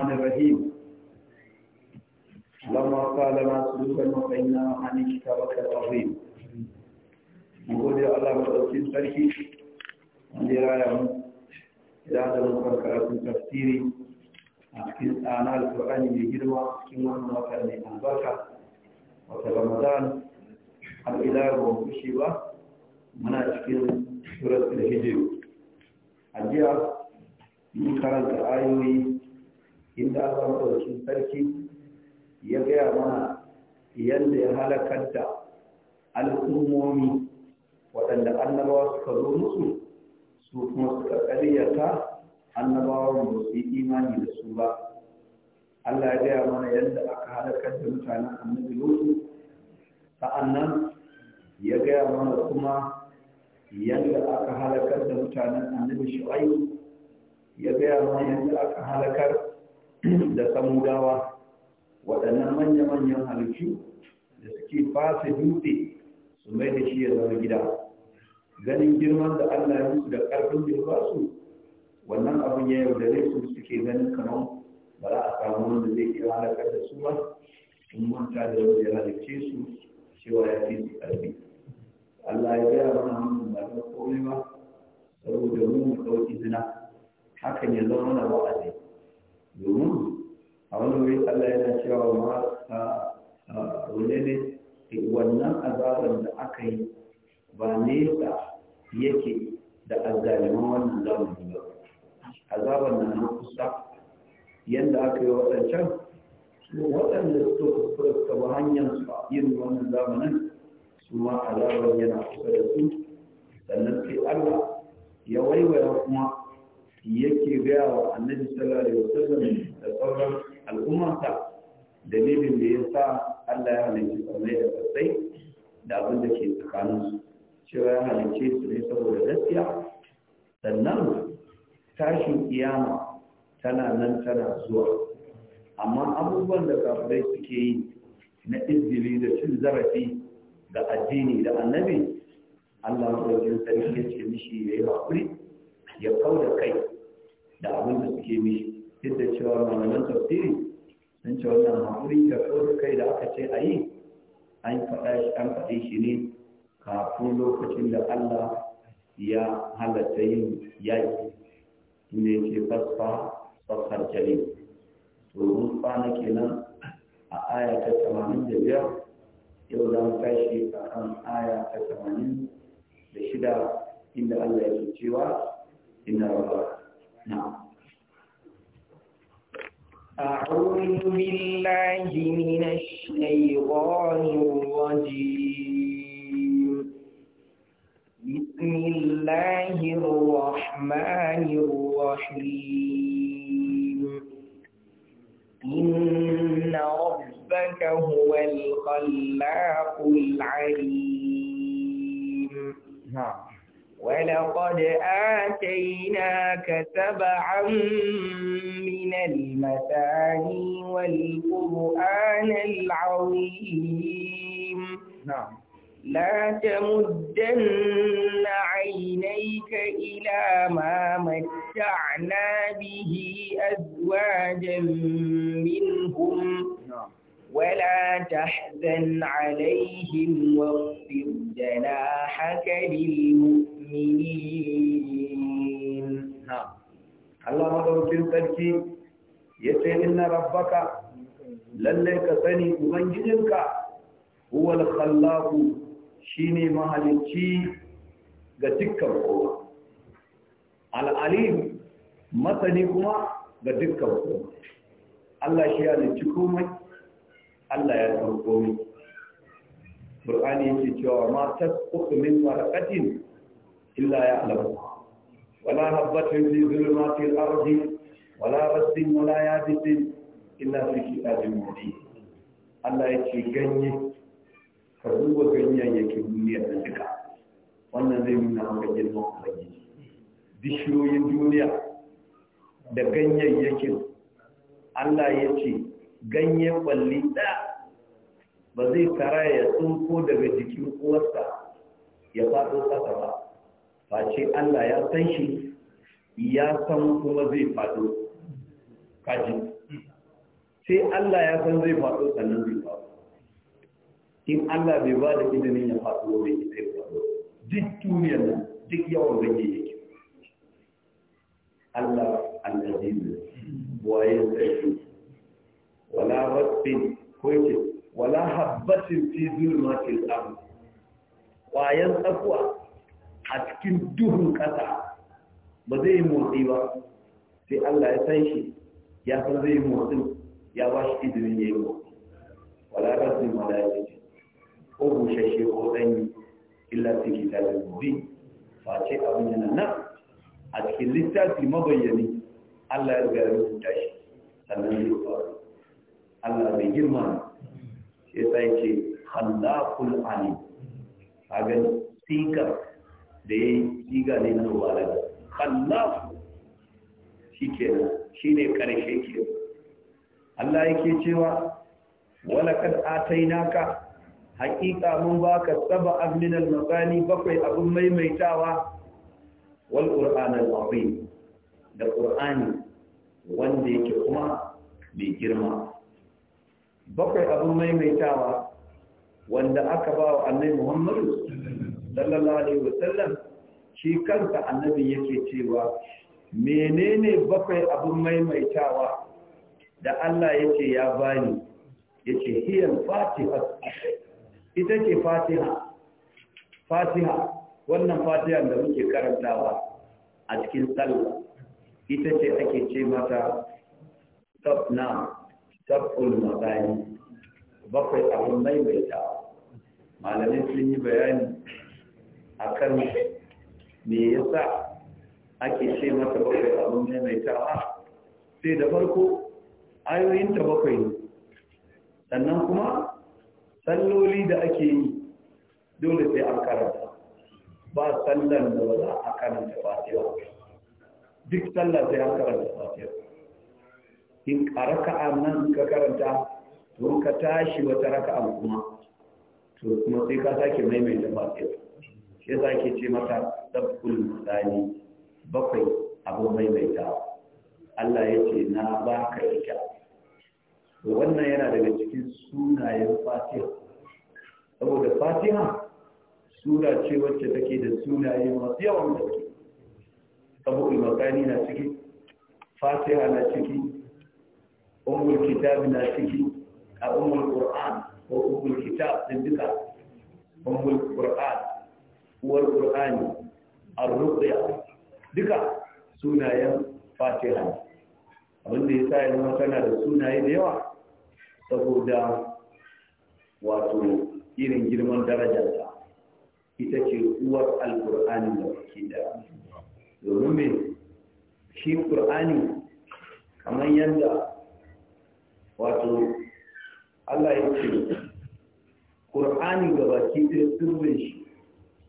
الرحمن الرحيم لما قال ما سلوك المطعنا عن اشتبك العظيم نقول يا الله مدرسين تركي عندي راية إذا هذا المفكرة في تفسيري أحكي أنا القرآن بجلوة كما نوكر من البركة وكرمضان الإله ومشيبة من أشكل سورة الهجر أجيب mun karanta ayoyi inda aka ɗauki sarki ya gaya mana yadda ya halakar da al'ummomi waɗanda annabawa suka zo musu su kuma suka ƙaryata annabawa ba su yi imani da su ba Allah ya gaya mana yadda aka halakar da mutanen annabi Lutu sa'annan ya gaya mana kuma yadda aka halakar da mutanen annabi Shu'aib ya gaya mana yadda aka halakar da samudawa waɗannan manya-manyan halittu da suke fasa dutse su mai da shi ya zama gida ganin girman da allah ya musu da ƙarfin da ba su wannan abin ya zai su suke ganin kamar ba za a samu wanda zai iya halakar da su ba in manta da wanda ya halicce su cewa ya fi su ƙarfi allah ya gaya mana hannun ba da komai ba saboda mu mu ɗauki zina hakan ya zama na wa'azi domin a wani wuri Allah yana cewa ma wani ne e, wannan azabar da aka yi ba nesa yake da azalimin wannan zamani ba azabar na nan kusa yadda aka yi waɗancan waɗanda su kuskura su ba hanyar su yin wannan zamanin su ma azabar yana kusa da su sannan sai Allah ya waiwaya kuma yake gaya wa annabi sallallahu alaihi wasallam da sauran al'ummarsa dalilin da ya sa Allah ya halicci sammai da sassai da abin da ke tsakaninsu cewa ya halicce su ne saboda gaskiya sannan tashin kiyama tana nan tana zuwa amma abubuwan da kafirai suke yi na izini da cin zarafi ga addini da annabi Allah wajen sarki ya ce mishi ya yi haƙuri ya kau da kai da abin da suke mishi duk da cewa malaman tafsiri sun ce wannan haƙuri da aka kai da aka ce a yi an faɗi shi ne kafin lokacin da Allah ya halatta yin yaƙi inda yake fasfa fasfar jali to mun na kenan a aya ta tamanin da biyar yau za mu tashi a kan aya ta tamanin da shida inda Allah ya ce cewa ina rawa نعم. أعوذ بالله من الشيطان الرجيم بسم الله الرحمن الرحيم إن ربك هو الخلاق العليم نعم ولقد آتيناك سبعا من المثاني والقرآن العظيم نعم لا تمدن عينيك إلى ما متعنا به أزواجا منهم نعم. ولا تحزن عليهم واغفر جناحك للمؤمنين نعم الله مدعو في القرشي يسأل إن ربك لليك سني أبنجدك هو الخلاق شيني مهلكي قتك القوة العليم masani kuma ga dukkan komai Allah shi ya halicci komai Qur'ani yake cewa ma tasqutu min waraqatin illa ya'lamuha wala habatin fi zulumati al-ardi wala rasin wala yabisin illa fi kitabin mubin Allah yake ganye ka duba ganyayyakin duniyar da duka wannan zai nuna maka girman ubangiji bishiyoyin duniya da yakin Allah ya ce ganyen kwalli. ɗaya ba zai tara ya tsinko daga jikin uwarsa ya faɗo ƙasa ba face Allah ya san shi ya san kuma zai faɗo kaji sai Allah ya san zai faɗo sannan zai faɗo in Allah bai ba da izinin ya faɗo bai zai faɗo duk duniyar nan duk yawan zai yake Allah zai zai waye sai wala rabbin ko yake wala habbatin fi zulmatil ard wa tsakuwa a cikin duhun kasa ba zai yi motsi ba sai Allah ya san shi ya san zai yi motsin ya ba shi izinin ya yi motsi wala rasu malaiki ko bushashe ko danyi illa fi kitabin mubin ce abin yana na a cikin littafi mabayyani Allah ya riga ya rubuta shi sannan zai faru Allah bai girma shi sai ce khallaqul alim kaga tinka da yayi ne na walaga khallaq shikenan shine karshe ke Allah yake cewa walakad atainaka haqiqa mun baka saba min al-maqani bakwai abin maimaitawa wal qur'an al-azim da qur'ani wanda yake kuma mai girma bakwai abin maimaitawa wanda aka ba wa annabi muhammadu sallallahu alaihi wasallam shi kanta annabi yake cewa menene bakwai abin maimaitawa da Allah yake ya bani yake hiyal fatiha ita ce fatiha fatiha wannan fatiha da muke karantawa a cikin sallah ita ce ake ce mata top now sabbin matsayi bakwai abin maimaita malamai sun yi bayani a kan me yasa ake ce mata bakwai maimaita ba sai da farko ayoyin ta bakwai ne sannan kuma salloli da ake yi dole sai an karanta ba sallan da ba a karanta fatiwa duk sallah sai an karanta fatiwa in a raka'a nan ka karanta don ka tashi wata raka'a kuma to kuma sai ka sake maimaita fatiha Sai sake ce mata sabkul misali bakwai abu maimaita Allah ya ce na rika to wannan yana daga cikin sunayen fatiha saboda fatiha sura ce wacce take da sunaye masu yawan gaske sabkul ilmakani na ciki fatiha na ciki umul kitab na ciki a umul qur'an ko umul kitab din duka umul qur'an uwar qur'ani ar duka sunayen fatiha abin da yasa yanzu kana da sunaye da yawa saboda wato irin girman darajarta ita ce uwar alƙur'ani da ke da domin me shi ƙur'ani kamar yadda wato Allah ya ce Qur'ani ga baki ɗaya sirrin shi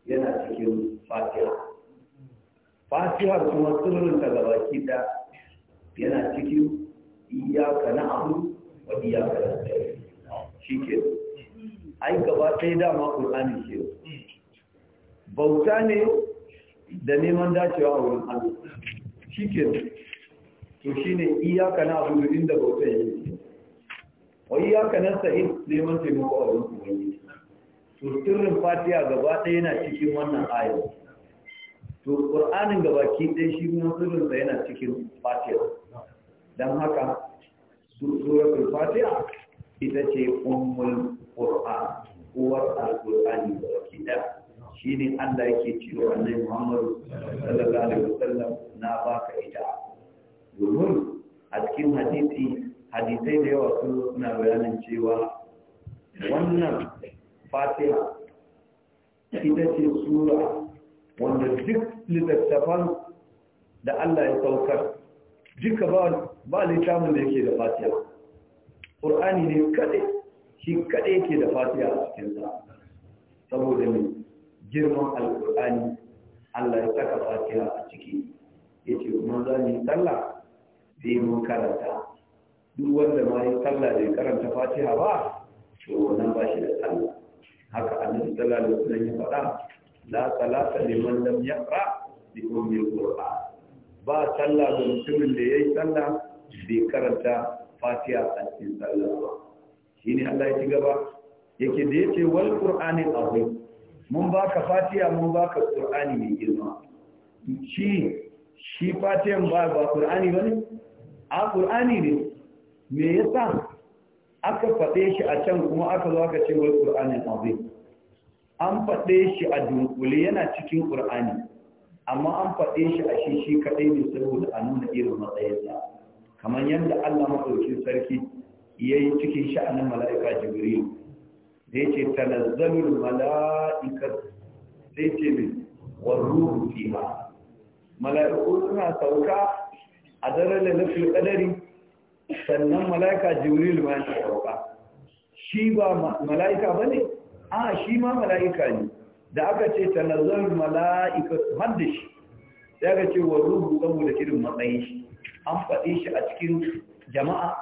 yana cikin Fatiha Fatiha kuma sirrin ta ga baki ɗaya yana cikin iyyaka abu wa iyyaka shi ke ai gaba ɗaya dama Qur'ani ke bauta ne da neman dacewa a wurin Allah ke to shine abu da inda bauta yake wai ya ka nan sa'in neman taimako a wurin ubangiji to sirrin fatiya gaba ɗaya yana cikin wannan ayar to qur'anin gabaki ɗaya shi kuma sirrin sa yana cikin fatiya dan haka suratul fatiha ita ce ummul qur'an uwar alqur'ani gabaki ɗaya shi ne Allah yake cewa annabi Muhammadu sallallahu alaihi wasallam na baka ita domin a cikin hadisi hadisai da yawa su na bayanin cewa wannan fatiha ita ce sura wanda duk littattafan da Allah ya saukar duka ba littafin da yake da fatiha ƙur'ani ne kaɗe shi kaɗe yake da fatiha a cikinsa saboda ne girman alƙur'ani Allah ya saka fatiha a ciki ya ce kuma za mu yi sallah sai mun karanta duk wanda ma yi sallah da karanta fatiha ba to wannan ba shi da tsalla haka annabi sallallahu alaihi wasallam ya faɗa la salata liman lam yaqra bi ummi alquran ba sallah ga mutumin da yayi sallah bai karanta fatiha a cikin sallah ba shine Allah ya ci gaba yake da yace wal qur'ani azim mun baka fatiha mun baka qur'ani mai girma shi shi fatihan ba ba qur'ani bane a qur'ani ne me yasa aka faɗe shi a can kuma aka zo aka ce wai qur'anin azim an faɗe shi a dunkule yana cikin ƙur'ani, amma an faɗe shi a shishi kadai kaɗai ne saboda a nuna irin matsayinsa kamar yadda Allah maɗaukin sarki ya yi cikin sha'anin mala'ika jibril da ya ce tanazzalul mala'ika sai ce wa ruhu fiha mala'iku suna sauka a daren da nufin kadari sannan mala'ika jibril ma ne sauka shi ba mala'ika ba ne a shi ma mala'ika ne da aka ce tanazzar mala'ika har da shi sai aka ce wa ruhu da irin matsayin shi an faɗe shi a cikin jama'a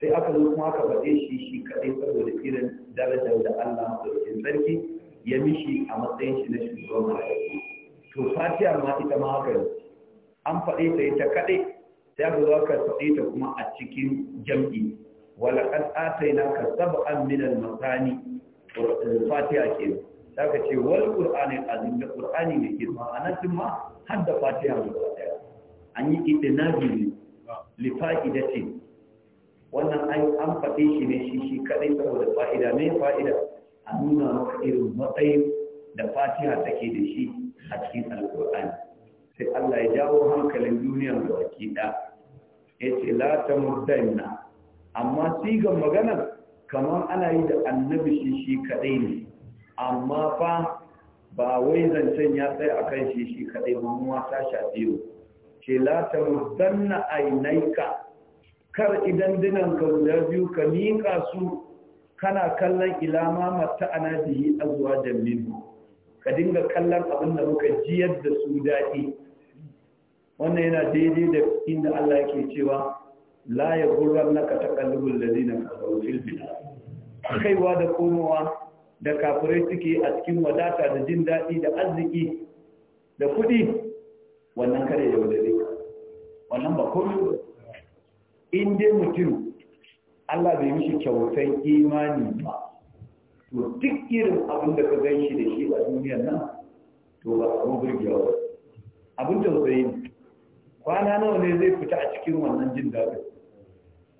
sai aka zo kuma aka faɗe shi shi kaɗai saboda irin darajar da Allah maɗaukin sarki ya mishi a matsayin shi na shugaban mala'ika to fatiya ma ita ma haka an faɗe ta ita kaɗai sai aka zo aka faɗi ta kuma a cikin jam'i wala qad atayna ka sab'an min al-masani fatiha ke Za ka ce wal qur'ani azim da ƙur'ani ne ke ma anan tun ma har da fatiha ne an yi na biyu ne da fa'idati wannan an an faɗe shi ne shi shi kadai saboda fa'ida ne fa'ida a nuna maka irin matsayin da fatiha take da shi a cikin alƙur'ani. sai Allah ya jawo hankalin duniyar da baki ɗaya. yace la mudanna amma sigan maganar kamar ana yi da annabi shi shi kadai ne amma fa ba wai zancen ya tsaya kan shi shi kadai ba mu ta sha biyu. ce la mudanna ainaika kar idan dinan ka guda biyu ka miƙa su kana kallon ilama mata ana bihi azwa jammin ka dinga kallon abin da muka jiyar da su daɗi wannan yana daidai da inda Allah yake cewa la ya gurran naka taqallubul ladina kafaru fil bilad kaiwa da komowa da kafirai suke a cikin wadata da jin daɗi da arziki da kuɗi wannan kare yau da wannan ba komai ba in dai mutum Allah bai mishi kyautan imani ba to duk irin abin da ka gan shi da shi a duniyar nan to ba abu burgewa abin yi. kwana nawa ne zai fita a cikin wannan jin daɗin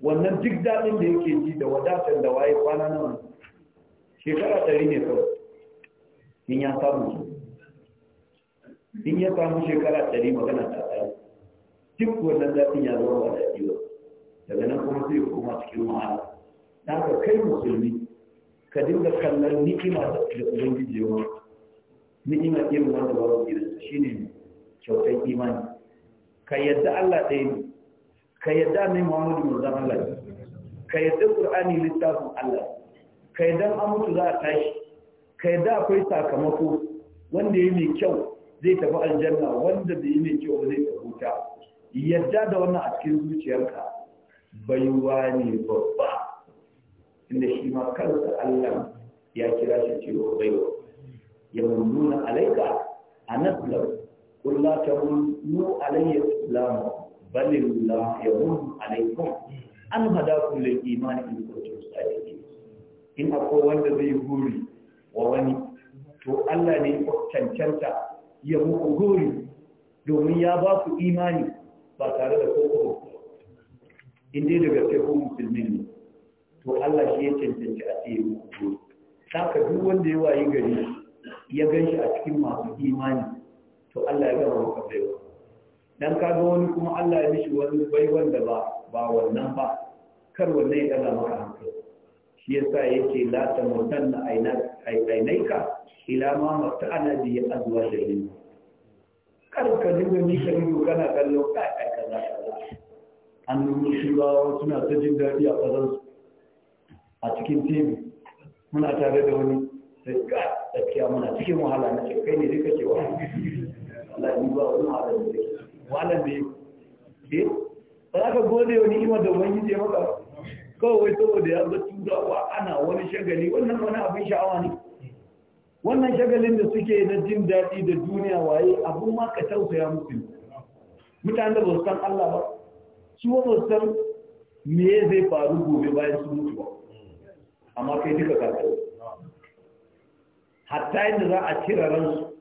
wannan duk daɗin da yake ji da wadatar da waye kwana nawa shekara ɗari ne kawai in ya samu su in ya samu shekara ɗari magana ta ɗaya duk wannan daɗin ya zama ba daɗi ba daga nan kuma sai koma cikin wahala. na ka kai musulmi ka dinga kallon ni'ima da ubangiji yawa ni'ima irin wanda ba wa gidansa shine kyautar imani ka yadda Allah ɗaya ne ka yadda annabi Muhammadu manzon Allah ne ka yadda Qur'ani littafin Allah ka yadda an mutu za a tashi ka yadda akwai sakamako wanda ya mai kyau zai tafi aljanna wanda bai yi mai kyau ba zai tafi wuta yadda da wannan a cikin zuciyarka baiwa ne babba inda shi ma kansa Allah ya kira shi cewa baiwa ya nuna alaika a nan قل لا تقولوا علي الإسلام بل الله يمن عليكم ان هداكم للايمان ان كنتم صادقين إن أقوى وند زي غوري ووني to Allah ne ya cancanta ya muku gori domin ya ba ku imani ba tare da koko in dai daga sai ko musulmi ne to Allah shi ya cancanci a tsaye muku gori saka duk wanda ya wayi gari ya gan shi a cikin masu imani to Allah ya gama maka baiwa dan ka ga wani kuma Allah ya mishi wani baiwan da ba ba wannan ba kar wannan ya daga maka hankali shi yasa yake la ta na ainaika ila ma mata'ana da azwajin kar ka dinga ka ido kana kallo kai kai za ka an nuna suna ta jin daɗi a su a cikin tebi muna tare da wani sai ka tsakiya muna cikin wahala na ce kai ne duka ke wahala Allah ka gode wani ima da wani ce maka kawai saboda ya ga turawa ana wani shagali wannan wani abin sha'awa ne wannan shagalin da suke na jin daɗi da duniya waye abu ma ka tausaya musu mutane da ba san Allah ba su ba su san me zai faru gobe bayan su mutu ba amma kai duka ka hatta yadda za a cire ransu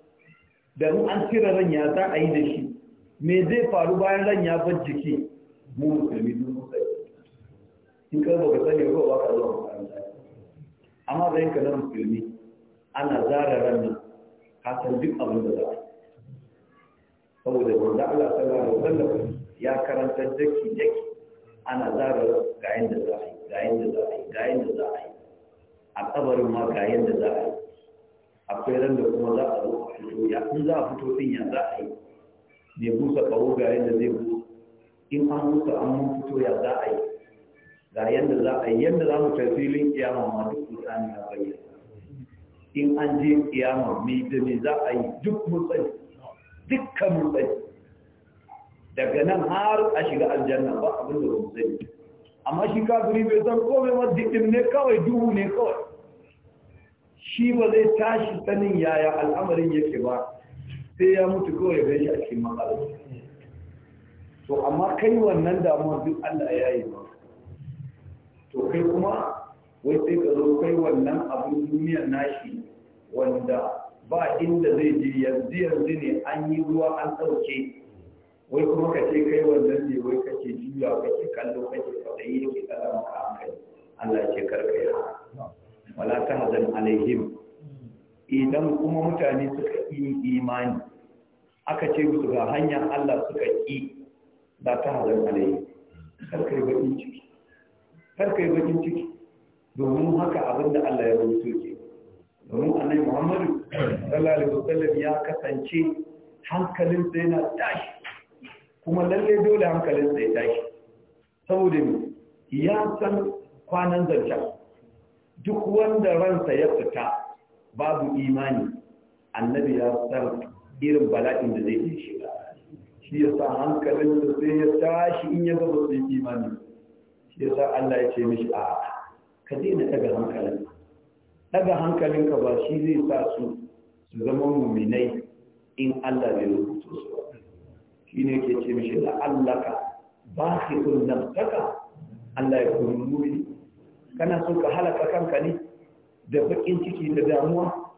da mu an cire ran ya za a yi da shi me zai faru bayan ran ya bar jiki mu musulmi duk musulmi in ka ba ka sani ko ba ka zo amma zai ka na musulmi ana zara ran nan ka san duk abin da za a saboda da Allah sallallahu alaihi wasallam ya karanta daki daki ana zara ga yanda za a yi ga yanda za a yi ga yanda za a yi a kabarin ma ga yanda za a yi akwai ran da kuma za a zo a fito ya in za a fito din ya za a yi mai busa ɓawo ga yadda zai busa in an busa an mun fito ya za a yi ga yadda za a yi yadda za mu tafilin kiyama ma duk mutane na bayyana in an je kiyama mai da mai za a yi duk mutsani dukkan mutsani daga nan har a shiga aljanna ba abin da ba mu mutsani amma shi kafiri bai san komai ma dikin ne kawai duhu ne kawai shi ba zai tashi sanin yaya al'amarin yake ba sai ya mutu kawai ya gaishe a cikin matsalar to amma kai wannan damuwar duk Allah ya yi ba to kai kuma wai sai ka zo kai wannan abin duniya nashi wanda ba inda zai je yanzu yanzu ne an yi ruwa an ɗauke wai kuma ka ce kai wannan ne wai kake juya kake kallo kake kwaɗayi yake tsara maka hankali Allah ce karkai yi wala hazan alaihim idan kuma mutane suka yi imani aka ce musu ga hanyar Allah suka ki da hazan alaihim karka yi bakin ciki karka yi bakin ciki domin haka abinda Allah ya rubuto ke domin annabi Muhammadu sallallahu alaihi wasallam ya kasance hankalin sa yana tashi kuma lalle dole hankalin sa ya tashi saboda ya san kwanan zancen duk wanda ransa ya fita babu imani annabi ya san irin bala'in da zai yi shiga shi ya sa hankalin da sai ya tashi in ya gaba su yi imani shi ya sa Allah ya ce mishi a ka daina daga hankalin daga hankalinka ba shi zai sa su su zama muminai in Allah bai rubuto su shi ne ke ce mishi la'allaka ba ki kun nan Allah ya kun muni kana so ka halaka kanka ne da bakin ciki da damuwa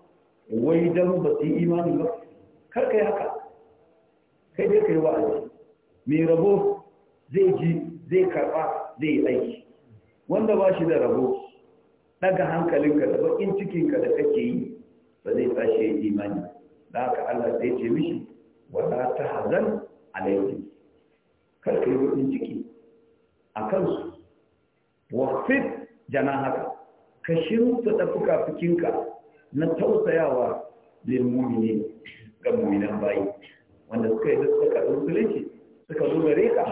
wai dan ba su yi imani ba kar ka yi haka kai dai ka yi wa'azi mai rabo zai ji zai karɓa zai yi aiki wanda ba shi da rabo daga hankalinka da bakin cikinka da kake yi ba zai tashi ya imani da haka Allah zai ce mishi wata ta hazan alaihi kar ka yi bakin ciki a kansu fit. jana haka ka shimfiɗa fuka-fukinka na tausayawa lil mu'mini ga mu'minan bayi wanda suka yi suka karɓi musulunci suka zo gare ka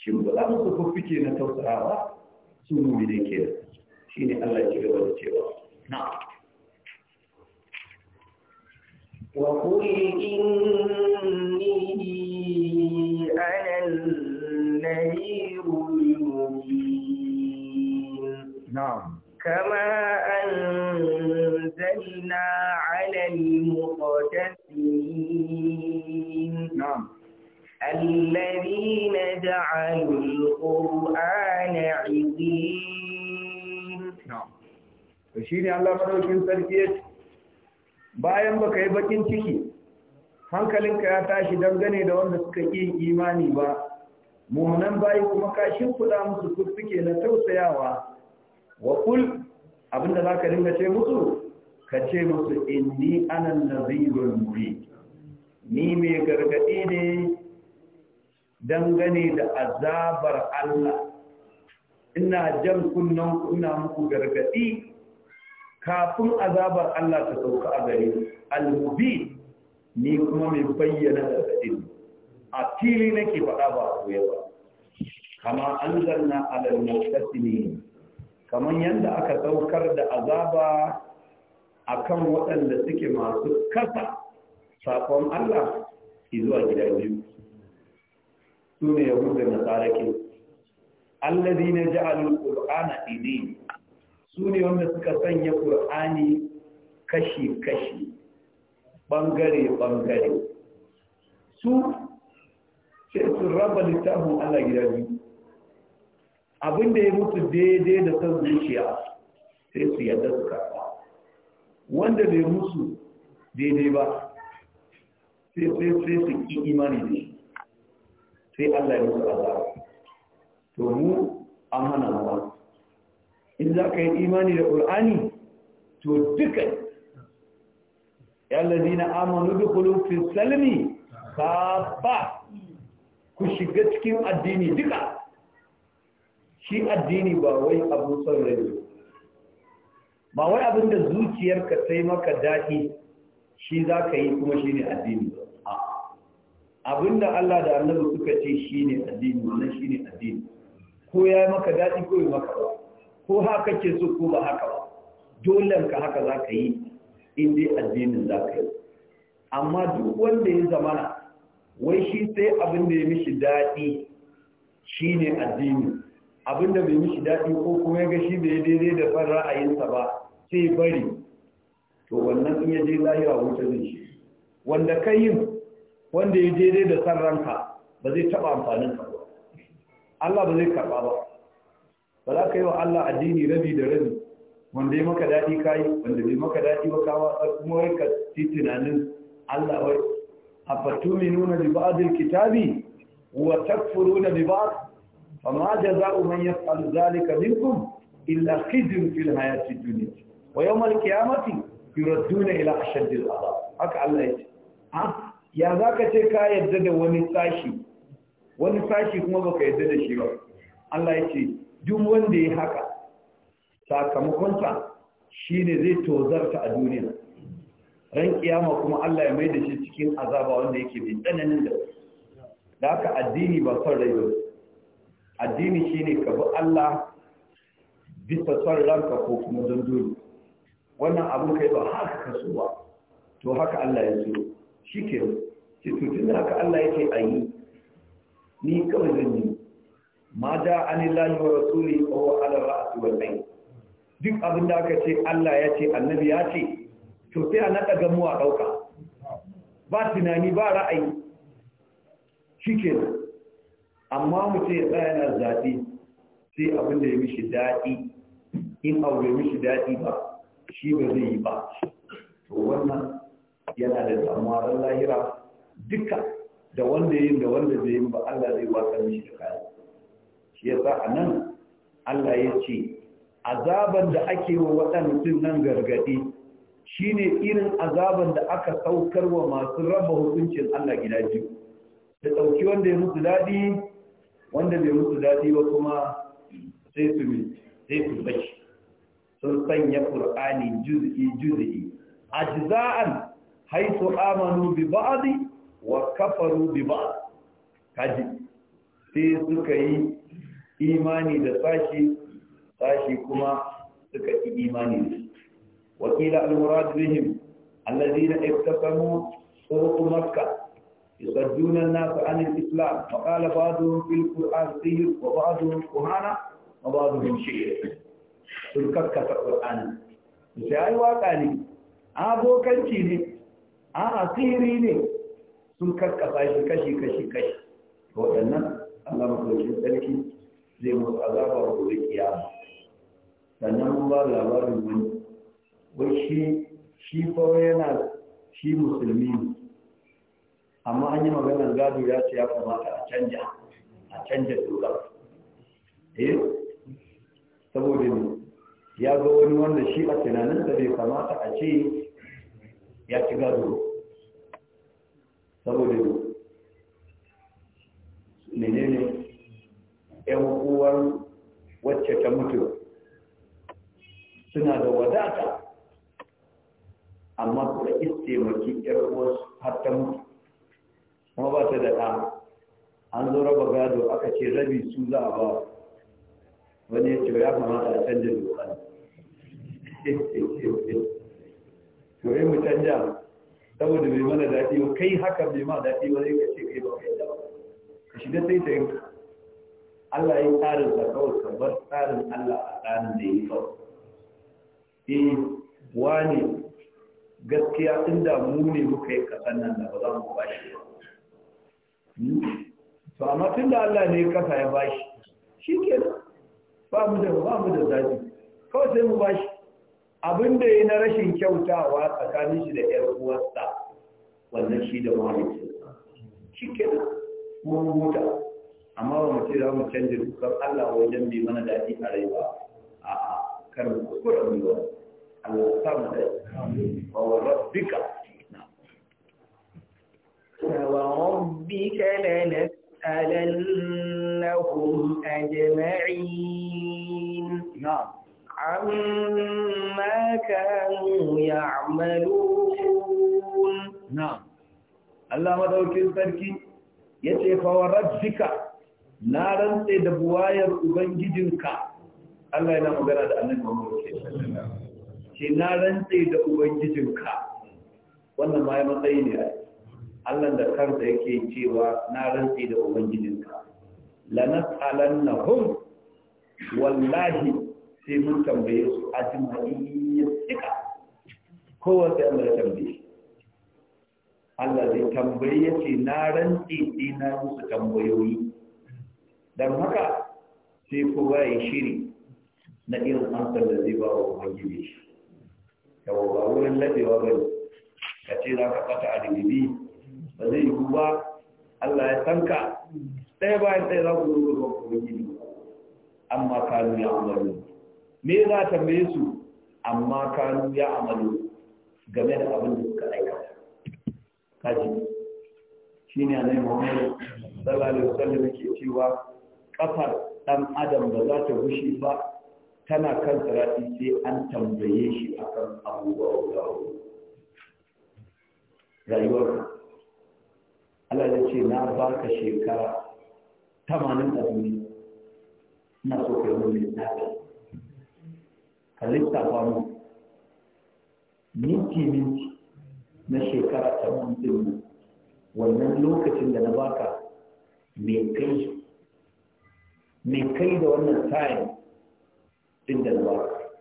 shimfiɗa musu fuffike na tausayawa su mu'mini ke shi ne Allah ya gaba da cewa na وقل in نعم كما أنزلنا على المقتسمين نعم الذين جعلوا القرآن عظيم نعم فشيني الله مدوكين سركيت bayan baka yi bakin ciki hankalinka ya tashi dangane da wanda suka yi imani ba muhanan bayi kuma ka shimfiɗa musu suke na tausayawa wa kul abinda za ka dinga ce musu ka ce musu inni anan nazirul muri. ni mai gargaɗi ne dangane da azabar Allah ina jan kunnan kuna muku gargaɗi kafin azabar Allah ta sauka a gari. al ni kuma mai bayyana gargaɗi a fili nake faɗa ba a ba kama an zarna alal kamar yadda aka saukar da azaba a kan waɗanda suke masu kasa saƙon Allah zuwa gida biyu su ne yahudu na tsarake allazi na ja'alul qur'ana idin su ne wanda suka sanya qur'ani kashi-kashi bangare-bangare su sai su raba littafin Allah gida biyu abin da ya mutu daidai da san zuciya sai su yadda su kasa. wanda bai musu daidai ba sai sai sai su ki imani da shi sai Allah ya musu azaba to mu an hana mu in za ka yi imani da Qur'ani to duka ya ladina amanu dukhulu fi salmi kafa ku shiga cikin addini duka shi addini ba wai abun son rai ba wai abin da zuciyarka sai maka daɗi shi za ka yi kuma shi ne addini ba abin da Allah da annabi suka ce shi ne addini wannan shi ne addini ko ya yi maka daɗi ko yi maka ba ko haka ke so ko ba haka ba dole ka haka za ka yi in dai addinin za ka yi amma duk wanda ya zamana wai shi sai abin da ya mishi daɗi shi ne addini abinda bai mishi daɗi ko kuma ya ga shi bai daidai da san ra'ayinsa ba sai bari to wannan in ya je lahira wuta zai shi wanda ka yin wanda ya daidai da san ranka ba zai taɓa amfanin ka ba Allah ba zai karɓa ba ba za ka yi wa Allah addini rabi da rabi wanda ya maka daɗi ka yi wanda bai maka daɗi ba ka wa kuma wai ka ci tunanin Allah wai afatuminu na bi ba'dil kitabi wa takfuruna bi ba'd فما جزاء من يفعل ذلك منكم إلا خزي في الحياة الدنيا ويوم القيامة يردون إلى أشد العذاب هكا الله يجي ها يا ذاك تكا يدد ونساشي ونساشي كما بك يدد شيء الله يجي دون وندي هكا sakamakonsa shine zai tozarta a duniya ran kiyama kuma Allah ya mai da shi cikin azaba wanda yake mai tsananin da da haka addini ba son rai ba addini shine ka bi Allah bisa son ranka ko kuma dandori wannan abin kai ba haka ka so ba to haka Allah ya so shi ke ce tutun haka Allah yake a yi ni kawai zan yi ma da anillahi wa rasuli wa ala ra'si wal ayn duk abin da aka ce Allah ya ce annabi ya ce to sai a nada a dauka ba tunani ba ra'ayi shi kenan amma mutum ya tsaya yana zaɓi sai abin da ya mishi daɗi in abu bai mishi daɗi ba shi ba zai yi ba to wannan yana da damuwar lahira duka da wanda yin da wanda zai yi ba Allah zai wasa mishi da kayan shi sa a nan Allah ya ce azaban da ake wa waɗannan nan gargaɗi shine irin azaban da aka saukar wa masu raba hukuncin Allah gida biyu da ɗauki wanda ya mutu daɗi wanda bai musu daɗi ba kuma sai su sai su baki sun sanya qur'ani juz'i juz'i ajza'an haythu amanu bi ba'd wa kafaru bi ba'd kaji sai suka yi imani da sashi sashi kuma suka yi imani da wakila al-murad bihim alladhina iqtasamu suruq makkah يصدون الناس عن الإسلام وقال بعضهم في القرآن سيد وبعضهم كهانة وبعضهم شعر تلكك القرآن sai waka ne abokanci ne a asiri ne sun karkasa shi kashi kashi kashi waɗannan Allah makarci sarki zai musu azaba wa gobe sannan mun ba labarin wani wai shi shi yana shi musulmi ne amma an yi maganar gado ya ce ya kamata a canja a canja dokar eh saboda ya ga wani wanda shi a tunanin da bai kamata a ce ya ci gado saboda menene yan uwar wacce ta mutu suna da wadata amma kuma istemaki yar uwar har ta mutu kuma ba ta da ɗa an zo raba gado aka ce rabi su za a ba wani ya ce ya kamata a canja doka to yi mu canja saboda bai mana daɗi ba kai haka bai ma daɗi ba zai ka ce kai ba kai da ka shiga sai ta yi Allah ya tsarin sakawar kawai ka bar tsarin Allah a tsarin da ya kawai e eh, wani gaskiya inda mu ne muka yi kasan nan da ba za mu ba shi ba to amma tun da Allah ne kasa ya bashi shi ke ba mu da ba mu da zafi kawai sai mu bashi abin da ya na rashin kyautawa tsakanin shi da ƴar uwarsa wannan shi da mahaifi shi ke mun huta amma ba mu ce za mu canja dukkan Allah wajen bai mana daɗi a rai ba a'a kar mu ba Allah ta mu da wa rabbika wa ربك لنسألنهم أجمعين نعم عما كانوا يعملون نعم الله ما دوكين سركي yace fa wa rabbika na rantse da buwayar ubangijinka Allah yana magana da annabi Muhammad sallallahu alaihi wasallam ce na rantse da ubangijinka wannan ma ya matsayi ne Allah da da yake cewa na rantsi da ubangijinka lanas'alannahum wallahi sai mun tambaye su ajma'iyya tsika kowa sai Allah ya tambaye Allah zai tambaye yace na rantsi na musu tambayoyi dan haka sai kowa ya shiri na irin amsar da zai ba wa ubangiji shi yawa ba wurin ka ce za ka fata a rigibi ba zai yi ba Allah ya sanka ɗaya bayan ɗaya za ku zo ga ruwan gini amma kanu ya amalu me za ta me su amma kanu ya amalu game da abin da suka aika. kaji shi ne annabi Muhammad sallallahu alaihi wasallam ke cewa kafar dan adam ba za ta gushe ba tana kan sirati sai an tambaye shi akan abubuwa guda rayuwar Allah ya ce na baka shekara tamanin a duniya ina so ka yi mun lissafi ka lissafa mu minti minti na shekara tamanin din wannan lokacin da na baka me kai me kai da wannan time din da na baka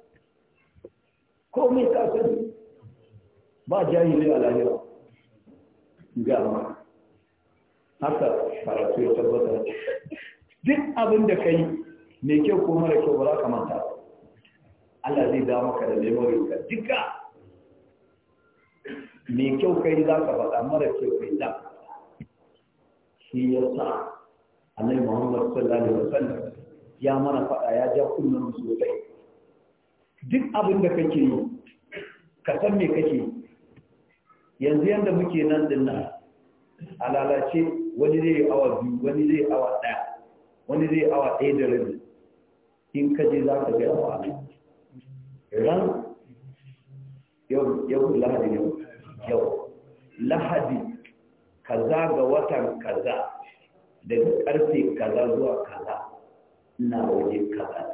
ko me ka sani ba jahili a lahira ga ma haka karatu ya tabbatar duk abin da kai mai kyau ko mara kyau ba za ka manta Allah zai da maka da memory ka duka mai kyau kai za ka faɗa mara kyau kai za shi ya sa Annabi Muhammad sallallahu alaihi wasallam ya mana faɗa ya ja kullun sosai duk abin da kake yi ka san me kake yanzu yanda muke nan din nan a lalace wani zai awa biyu wani zai awa ɗaya wani zai awa ɗaya da rabi in ka je za ka ga awa ne ran yau yau lahadi ne yau lahadi kaza ga watan kaza daga karfe kaza zuwa kaza ina waje kaza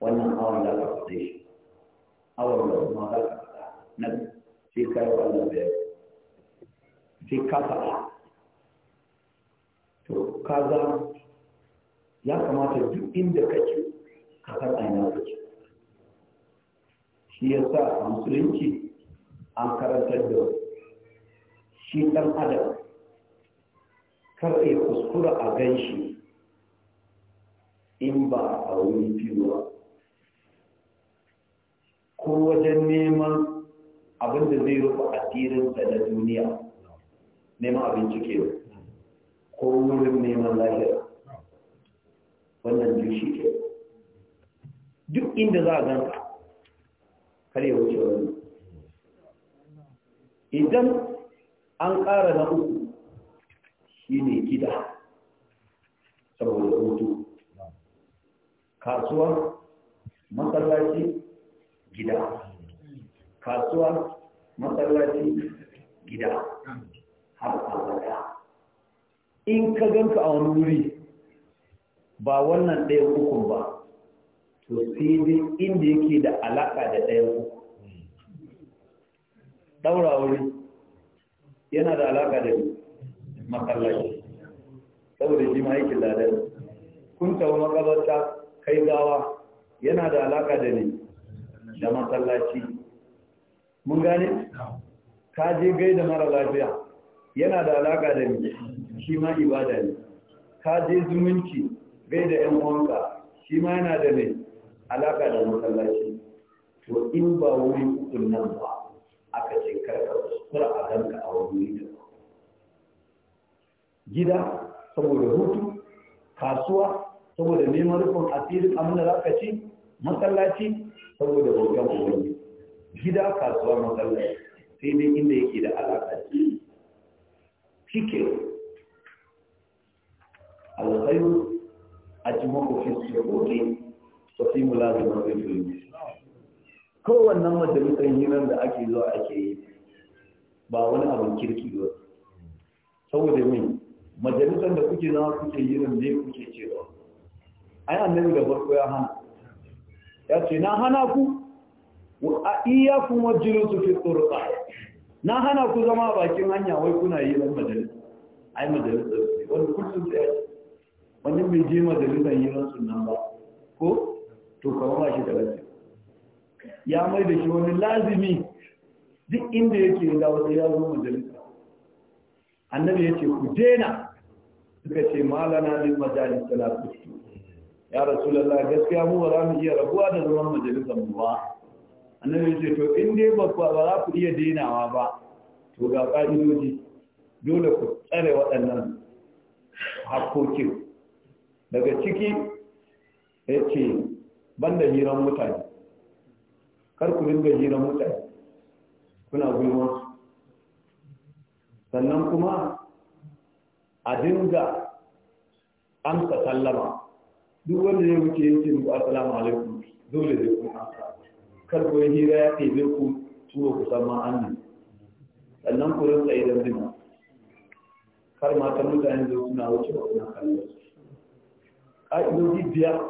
wannan awon da ka faɗe shi awon da kuma za ka faɗa na sai ka wannan bayan sai ka Kaza ya kamata duk inda kake ka san aina kake shi yasa a musulunci an karantar da shi dan adam kar ya kuskura a gan shi in ba a wuri fiwa ko wajen neman abin da zai rufe a da na duniya neman abinci kewa ko wurin neman lahira wannan duk ke duk inda za a ganka kar ya wuce wani idan an ƙara na uku shi ne gida saboda hutu kasuwa matsalaci gida kasuwa matsalaci gida har abada in ka ganka a wani wuri ba wannan ɗayan ukun ba to sai dai inda yake da alaƙa da ɗayan uku ɗaura wuri yana da alaƙa da makallaki saboda shi ma yake ladar kun tawo makabarta kai gawa yana da alaƙa da ne da masallaci mun gane ka je gai da mara lafiya yana da alaƙa da ne shi ma ibada ne ka je zumunci bai da yan uwanka shi ma yana da mai alaka da masallaci to in ba wuri ukun nan ba aka ce karka kura a ranka a wuri da gida saboda hutu kasuwa saboda neman rufin asirin abin da za masallaci saboda bautan ubangi gida kasuwa masallaci sai dai inda yake da alaƙa shi الخير أجمعه في السعود وفي ملازمة ko wannan majalisar hirar da ake zuwa ake yi ba wani abin kirki ba saboda mai majalisar da kuke zama kuke hirar ne kuke cewa ai annabi da farko ya hana ya ce na hana ku a iya kuma jirin su fi tsoruka na hana ku zama bakin hanya wai kuna hirar majalisar. ai majalisar wanda kullum sai wani bai je majalisar hirar sunan ba ko to kama ba shi da ya mai da shi wani lazimi duk inda yake ya dawo da ya zo majalisa annabi ya ce ku dena suka ce malana lil majalis la tustu ya rasulullah gaskiya mu ba za mu iya rabuwa da zaman majalisa mu ba annabi ya ce to in dai ba ba za ku iya denawa ba to ga ka'idoji dole ku tsare waɗannan hakokin daga ciki ya ce ban da hiran mutane kar ku dinga hiran mutane kuna gulma sannan kuma a dinga amsa sallama duk wanda ya wuce ya ce muku assalamu alaikum dole zai kuma amsa kar ku hira ya ɗebe ku tuwo ku san ma'an sannan ku rinsa idan zina kar matan mutane zai suna wuce wa kuna kallon ƙa'idoji biyar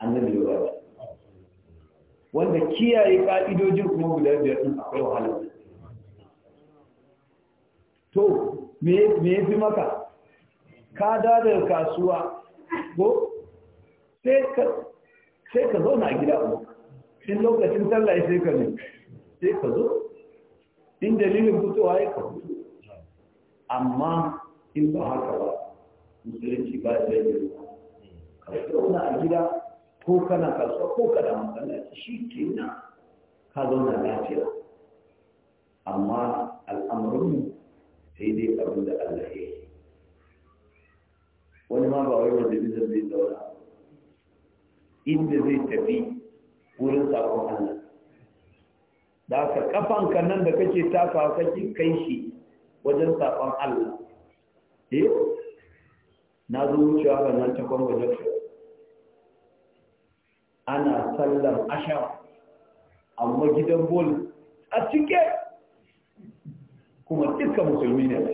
annabi ya ba wanda kiyaye ƙa'idojin kuma guda biyar ɗin akwai wahala to me ya fi maka ka dada kasuwa ko sai ka zo na gida ku in lokacin sallah sai ka ne sai ka zo in dalilin fitowa ya ka amma in ba haka ba musulunci ba da yi ruwa ka zauna a gida ko kana kasuwa ko kana masallaci shi ke na ka zauna lafiya amma al'amuranmu sai dai abin da Allah ya yi wani ma ba wai majalisar zai zauna inda zai tafi wurin sakon Allah da aka kafan ka kafanka nan da kake takawa kake kai shi wajen sakon Allah eh na zo wucewa ga nan ta kwan wajen ana sallar ashara amma gidan bol a cike kuma iska musulmi ne ba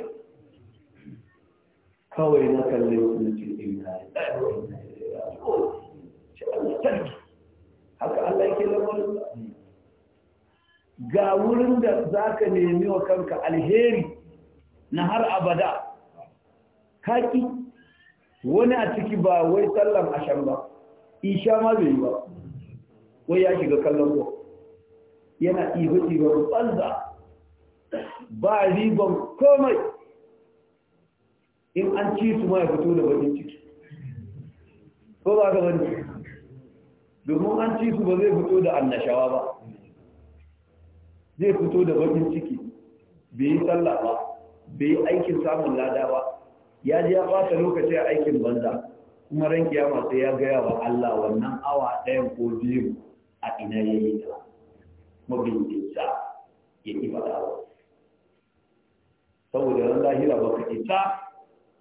kawai na kalle na ce ina haka Allah yake lamar. ga wurin da za ka nemi wa kanka alheri na har abada kaki wani a ciki ba wai sallan ashan ba isha ma bai yi ba wai ya shiga kallon ko yana ihu-ihun banza ba riban komai in an ci su ma ya fito da bakin ciki ko ba ka bane domin an ci su ba zai fito da annashawa ba zai fito da bakin ciki bai yi sallah ba bai yi aikin samun lada ba ya ji ya fata lokaci a aikin banza kuma ran kiyama sai ya gaya wa Allah wannan awa ɗayan ko biyu a ina ya yi ta mabincinsa ya yi ba saboda ran lahira ba ka ita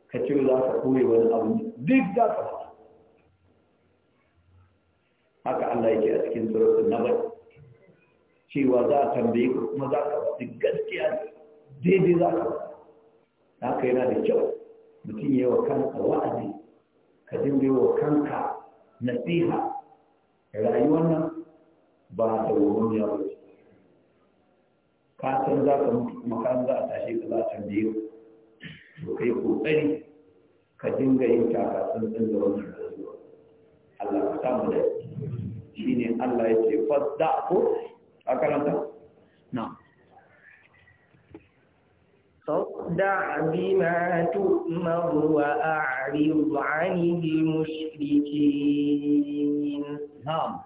ka ce za ka koyi wani abu duk za ka fara. haka Allah yake a cikin suratul nabai cewa za a tambaye ka kuma za ka faɗi gaskiya daidai za ka faɗa haka yana da kyau mutum ya yi wa kansa wa'azi ka dinga yi wa kanka nasiha rayuwar nan ba da wurin ya wuce ka san za ka mutu kuma ka za a tashi ka za a tambaye to kai kokari ka dinga yin taka tsantsan da wannan rayuwa Allah ka samu da ne Allah ya ce fadda ko a karanta na'am فاصدع بما تؤمر وأعرض عن المشركين نعم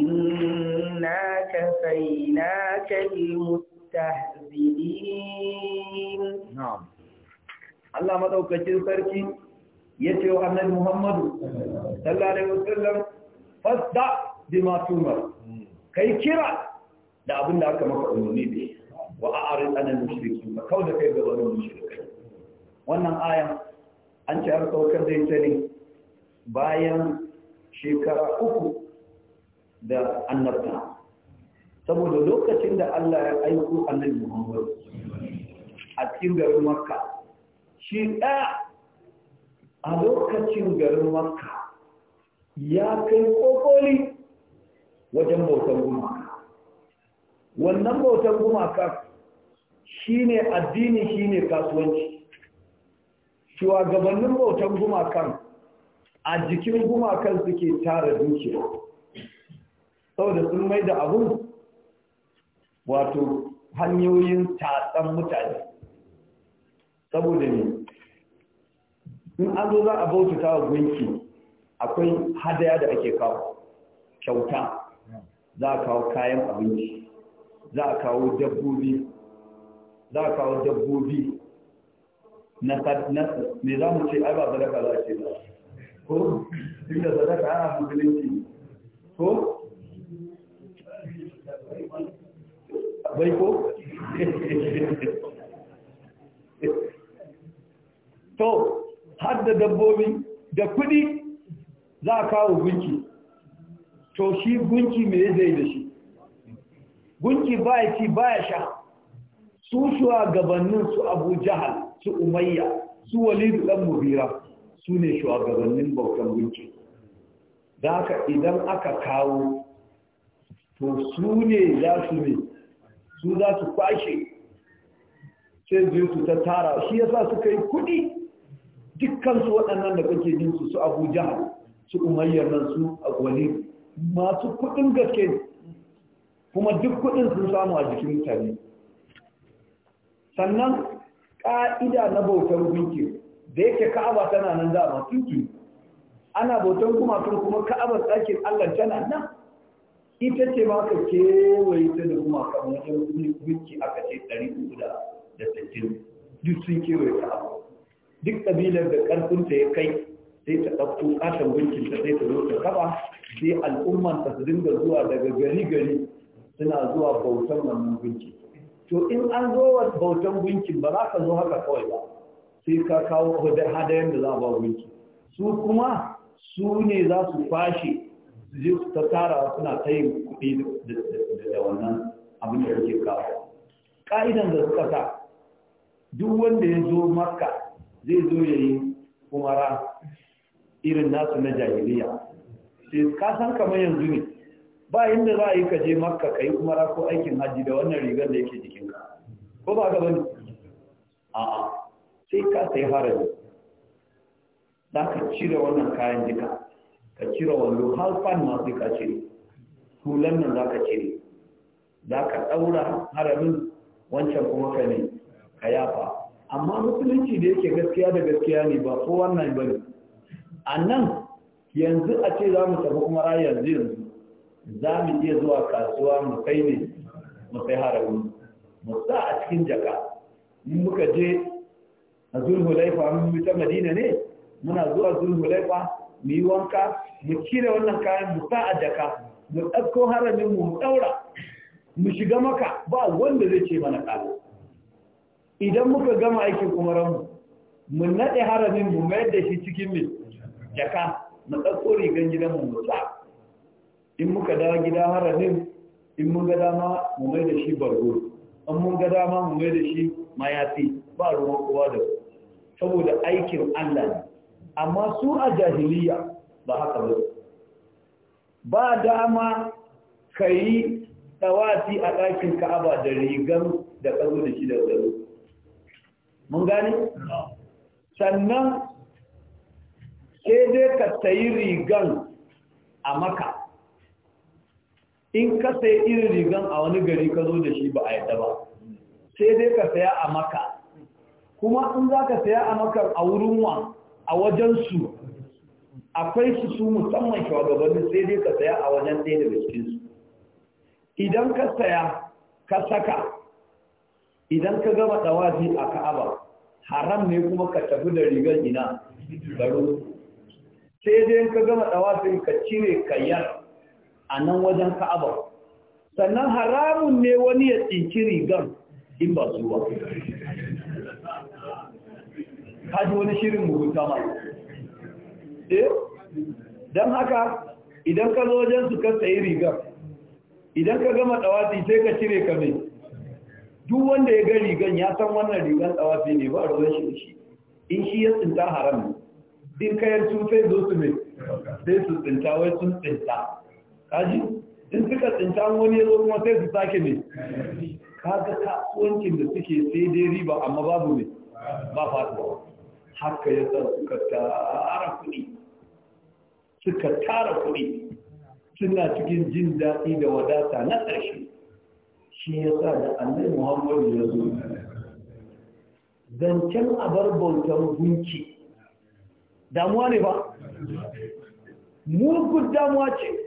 إنا كفيناك المستهزئين نعم الله ما دوكتين سركي يتيو أن محمد صلى الله عليه وسلم فاصدع بما تؤمر كي كرا da abin da aka maka umarni ne wa a'arid anil mushrik da kau da kai ga wani kai wannan ayan an ci har saukar da ita ne bayan shekara uku da annabta saboda lokacin da Allah ya aiko annabi Muhammad a cikin garin Makka shi ɗaya a lokacin garin Makka ya kai kokoli wajen bautar gumaka wannan bautar gumaka shine addini shine kasuwanci shugabannin bautan gumakan a jikin gumakan suke tara dukiya saboda sun mai da abun wato hanyoyin tatsan mutane saboda ne in an zo za a bautata wa gunki akwai hadaya da ake kawo kyauta za a kawo kayan abinci za a kawo dabbobi za a kawo dabbobi na me za mu ce ai ba sadaka za ce ba ko inda zaraka sadaka ana musulunci ko bai ko to har da dabbobi da kudi za a kawo gunki to shi gunki me zai da shi gunki ba ya ci ba ya sha su shugabannin su abu jahal su umayya su walidu dan mubira su ne shugabannin bautan gunki da haka idan aka kawo to su ne za su ne su za su kwashe sai zai su ta tara shi yasa suka yi kuɗi dukkansu waɗannan da kake jin su su abu jahal su umayyar nan su gwani masu kuɗin gaske kuma duk kuɗin sun samu a jikin mutane sannan ƙa'ida na bautar gunki da yake ka'aba tana nan za a tutu ana bautar gumakun kuma ka'abar ɗakin allah tana nan ita ce ma ka kewaye ta da gumakun wajen gunki aka ce ɗari da duk sun kewaye abu duk ƙabilar da ƙarfinta ya kai sai ta ɗauko ƙaton gunkin ta sai ta zo ta kaba sai al'umman ta su dinga zuwa daga gari gari suna zuwa bautar wannan gunki to in an zo wa bautan gunkin ba za ka zo haka kawai ba sai ka kawo hadayen da za a ba gunki su kuma su ne za su kwashe su je su ta tara suna ta yin kuɗi da wannan abin da kake kawo ka'idan da suka sa duk wanda ya zo makka zai zo ya yi kumara irin nasu na jahiliya sai ka san kamar yanzu ne ba inda za a yi kaje makka ka yi kuma rako aikin hajji da wannan rigar da yake jikinka ko ba gaba ne a'a sai ka sai harami za ka cire wannan kayan jika ka cire wando har fan ma sai ka cire hulan nan za ka cire za ka ɗaura haramin wancan kuma ka ne ka yafa amma musulunci da yake gaskiya da gaskiya ne ba ko wannan ba ne a nan yanzu a ce za mu tafi umara yanzu yanzu za mu iya zuwa kasuwa mu kai ne mu kai harabin mu sa a cikin jaka mun muka je a zulhulaifa mun ta madina ne muna zuwa zulhulaifa mu yi wanka mu cire wannan kayan mu sa a jaka mu ɗauko haramin mu mu ɗaura mu shiga maka ba wanda zai ce mana ƙalu idan muka gama aikin umaranmu mu naɗe haramin mu mayar da shi cikin mu jaka mu ɗauko rigan mu mu sa in muka dawo gida haramin in mun ga dama mu mai da shi bargo in mun ga dama mu mai da shi mayafi ba ruwa kowa da saboda aikin Allah ne amma su a jahiliya ba haka ba ba dama ka yi a ɗakin ka'aba da rigar da ƙazo da shi da tsaro mun gane? sannan sai dai ka sayi rigan a maka in ka sai irin rigan a wani gari ka zo da shi ba a yadda ba sai dai ka saya a maka kuma in za ka saya a makar a wurin wa a wajensu akwai su su musamman shugabannin sai dai ka saya a wajen ɗaya daga cikinsu idan ka saya ka saka idan ka gama ɗawafi a ka'aba haram ne kuma ka tafi da rigar ina garo sai dai ka gama ɗawafin ka cire kayyar a nan wajen ka'aba sannan haramun ne wani ya tsinci rigar in ba zuwa kaji wani shirin mugunta ma eh don haka idan ka zo wajen su ka sayi rigar idan ka gama tsawafi sai ka cire ka mai duk wanda ya ga rigar ya san wannan rigar tsawafi ne ba ruwan shi shi in shi ya tsinta haram ne din kayan su sai zo su mai sai su tsinta wai sun tsinta kaji in suka tsinci wani ya zo kuma sai su sake ne kaga kasuwancin da suke sai dai riba amma babu ne ba ba. haka ya sa suka tara kuɗi suka tara kuɗi suna cikin jin daɗi da wadata na ƙarshe shi ya sa da annai muhammadu ya zo zancen bar bautar gunki damuwa ne ba mugun damuwa ce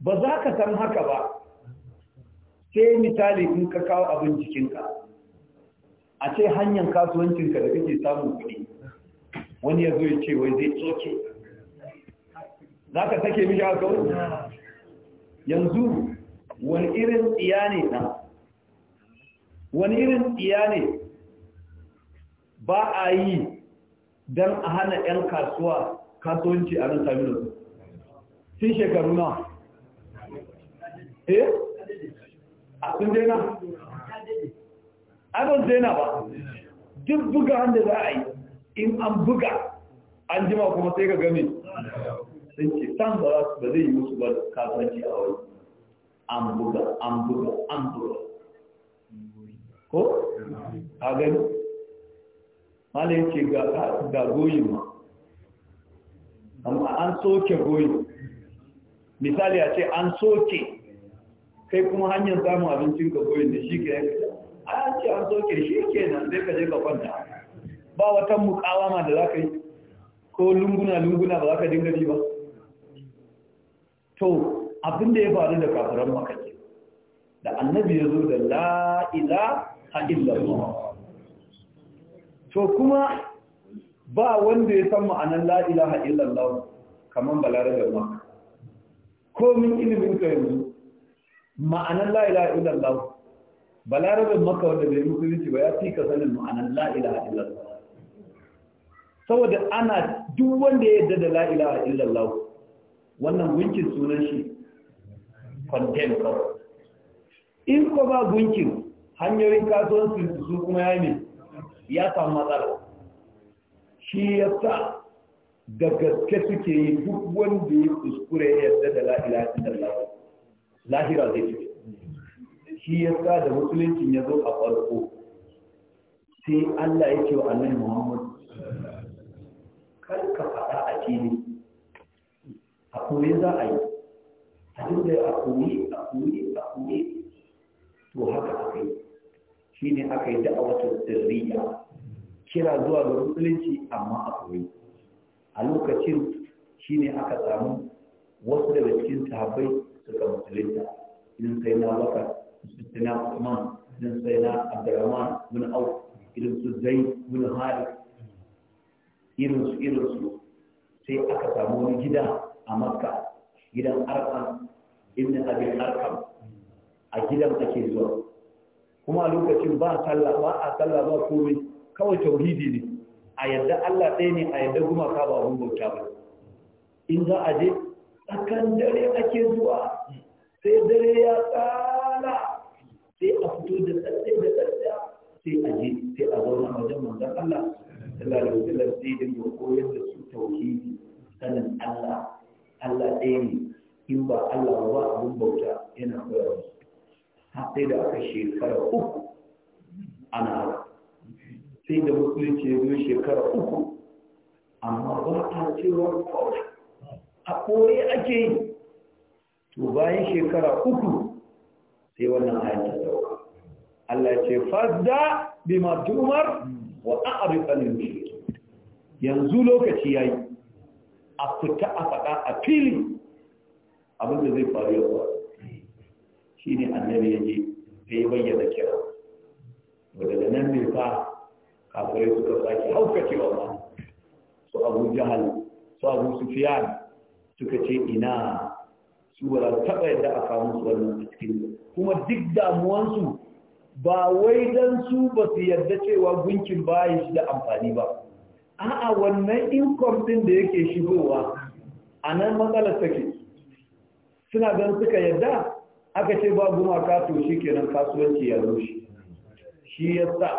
ba za ka san haka ba sai misali in ka kawo abin cikinka a ce hanyar kasuwancinka da kake samun kuɗi wani ya zo ya ce wai zai tsoke za ka sake mishi haka yanzu wani irin tsiya ne na wani irin tsiya ne ba a yi don a hana 'yan kasuwa kasuwanci a nan sami sun shekaru na eh a sun daina daina ba duk buga wanda za a yi in an buga an jima kuma sai ka gami. sun ce san ba zai yi musu ba kasance a wani an buga an buga an buga ko? a gani malin ce ga goyin ma amma an soke goyin misali a ce an soke kai kuma hanyar samun abincin ka koyin da shi ke yanka a ce an soke shi ke nan zai ka je ka kwanta ba wata ma da za ka yi ko lunguna-lunguna ba za ka dinga ji ba to abin da ya faru da kafiran makaci da annabi ya zo da la'ila a illallah to kuma ba wanda ya san ma'anar la'ila a illallah kamar balarabe maka komin ilimin ka yanzu ma'anar la ilaha illallah balarabin maka wanda bai musulunci ba ya fi ka sanin ma'anar la ilaha illallah saboda ana duk wanda ya yarda da la ilaha illallah wannan gunkin sunan shi kwanten kawai in ko ba gunkin hanyoyin kasuwan su kuma ya ne ya samu matsala shi ya sa da gaske suke yi duk wanda ya kuskure ya yarda da la ilaha illallah lahira zai ci shi ya sa da musuluncin ya zo a farko sai Allah ya ce wa annabi Muhammad kar ka faɗa a fili a koyi za a yi a dinga a koyi a koyi a koyi to haka aka yi shi ne aka yi da'awatar sirriya kira zuwa ga musulunci amma a koyi a lokacin shi ne aka samu wasu daga cikin sahabbai suka musulunta irin sai na baka sai kuman idan sai na Abdurrahman bin Auf irin su zai, bin hari irin su irin su sai aka samu wani gida a Makka gidan arkan ibn abin arkan a gidan ake zuwa kuma lokacin ba sallah ba a sallah ba komai kawai tauhidi ne a yadda Allah ɗaya ne a yadda gumaka ba abun bauta ba in za a je akan dare ake zuwa sai dare ya tsala sai a fito da tsalle da tsalle sai a je sai a zauna a wajen manzon Allah sallallahu alaihi wasallam sai dinga koyar da su tauhidi sanin Allah Allah ɗaya ne in ba Allah ba abun bauta yana koyarwa sai da aka shekara uku ana haka sai da musulunci ya zo shekara uku amma ba ta cewa kawai a koye ake yi to bayan shekara uku sai wannan ayatun dauka Allah ce fadda bi matumar wa a'rifanin mushrik yanzu lokaci yayi a fita a faɗa a fili abin da zai faru shi shine annabi yaje sai bayyana kira daga nan ne fa kafirai suka sake haukacewa ba su abu jahal su abu sufiyan suka ce ina su ba taɓa yadda a kawo su wannan a cikin kuma duk damuwansu ba wai dan su ba su yarda cewa gunkin bayan shi da amfani ba a'a wannan income din da yake shigowa a nan matsalar take suna gan suka yadda aka ce ba gumaka to shi kenan kasuwanci ya zo shi shi ya sa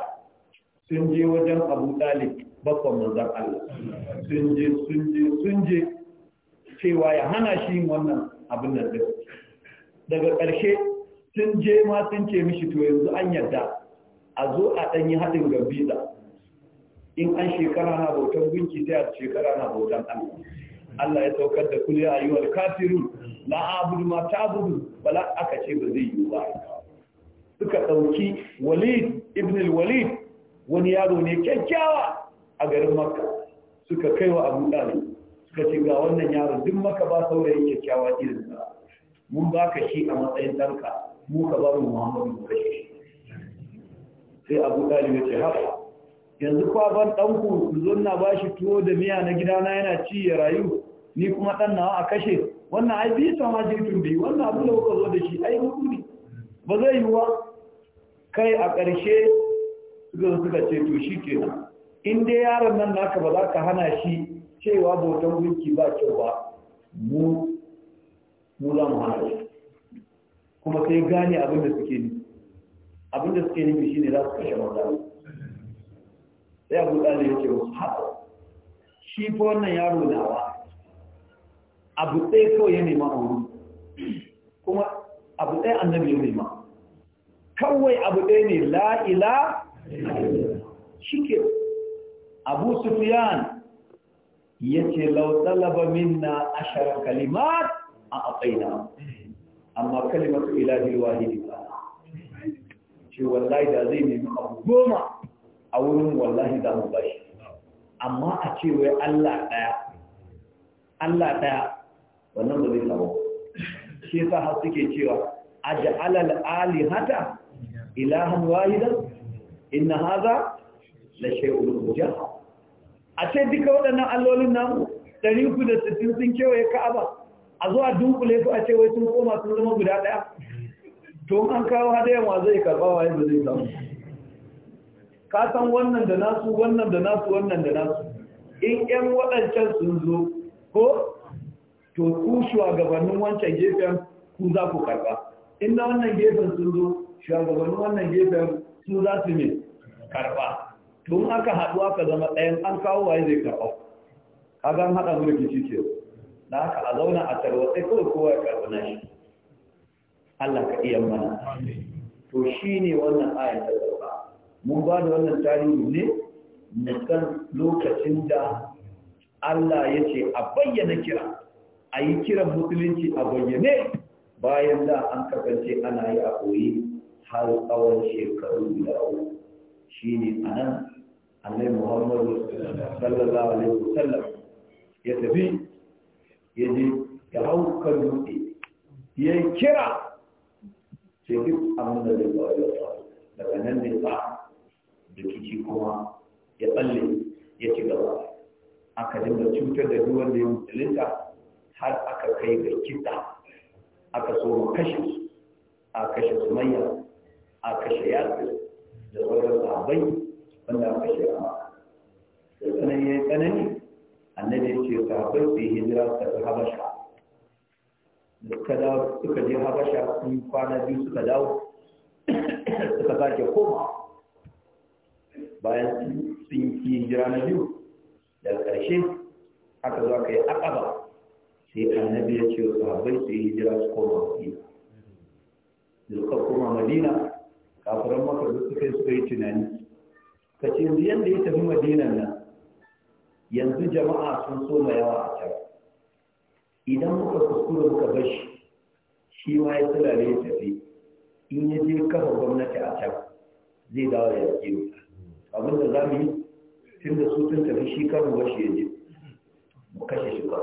sun je wajen abu dalib bakon manzan Allah sun je sun je sun je cewa ya hana shi yin wannan abin da zai daga ƙarshe sun je ma sun ce mishi to yanzu an yarda a zo a yi haɗin gambiza in an shekara na bautan gunki sai a shekara na bautan Allah Allah ya saukar da kulli ayyuhal kafirun la abudu ma ta'budu bala aka ce ba zai yi ba suka dauki Walid ibn al-Walid wani yaro ne kyakkyawa a garin Makka suka kaiwa Abu Talib ka ce ga wannan yaro duk maka ba saurayin kyakkyawa irin sa mun ba shi a matsayin ɗanka mu ka ba mu muhammadu mu shi sai abu ɗalib ya ce haka yanzu ban ɗanku ku zo na ba shi tuwo da miya na gida na yana ci ya rayu ni kuma ɗan nawa a kashe wannan ai biyu sama jirgin bi wannan abin da kuka zo da shi ai hudu ne ba zai wa kai a ƙarshe suka suka ce to shi kenan in dai yaron nan naka ba za ka hana shi cewa bautan gunki ba kyau ba mu mu za mu hana shi kuma sai gane abin da suke ni, abin da suke nufi shine za su kashe maza sai abu da ya ce ha shi fa wannan yaro wa abu ɗaya kawai ya nema a kuma abu ɗaya annabi ya nema kawai abu ɗaya ne la'ila shi ke abu sufiyan yace law talaba minna ashara kalimat a afaina amma kalimatu ilahi alwahid ce wallahi da zai nemi abu goma a wurin wallahi da mu bashi amma a ce wai Allah daya Allah daya wannan ba zai samu shi yasa har suke cewa aj'ala al-alihata ilahan wahidan inna hadha la shay'un mujahhal a ce duka waɗannan allolin da 360 sun kewaye ka'aba a zo a dunkule su a ce wai sun koma sun zama guda ɗaya to an kawo hada wa zai karɓa wa yadda zai samu ka san wannan da nasu wannan da nasu wannan da nasu in ƴan waɗancan sun zo ko to ku shugabannin wancan gefen ku za ku karɓa in na wannan gefen sun zo shugabannin wannan gefen su za su ne karɓa tun aka haɗu aka zama ɗayan an kawo waye zai karɓa ka gan haɗa zuwa kici ce da aka a zauna a tarwatsai kawai kowa ya karɓi na shi Allah ka iya mana to shi ne wannan ayat da ba mun ba da wannan tarihi ne na kan lokacin da Allah ya ce a bayyana kira a yi kiran musulunci a bayyane bayan da an kasance ana yi a koyi har tsawon shekaru da shi ne a nan annabi muhammadu sallallahu alaihi wasallam ya tafi ya je ya hau kan dutse ya yi kira ce duk abin da zai kawai ya daga nan ne ba rikici kuma ya tsalle ya ci gaba aka dinga cutar da duwan da ya musulunta har aka kai ga kita aka so mu kashe su a kashe sumayya a kashe yatsu da sauran sahabbai wanda aka shiga maka da tsanani ya tsanani annabi ya ce sahabbai su yi hijira su tafi habasha da suka dawo suka je habasha sun kwana biyu suka dawo suka sake koma bayan sun yi hijira na biyu daga ƙarshe aka zo aka yi akaba sai annabi ya ce wa sahabbai su yi hijira su koma madina da suka koma madina kafiran maka da suka suka yi tunani ka ce yanzu yadda ya tafi madinan nan yanzu jama'a sun so mai yawa a can idan muka kuskure muka bashi, shi ma ya tulale ya tafi in ya je kafa gwamnati a can zai dawo ya yake mu abin da za mu yi tun da su tun tafi shi kan ruwa shi ya je mu kashe shi ba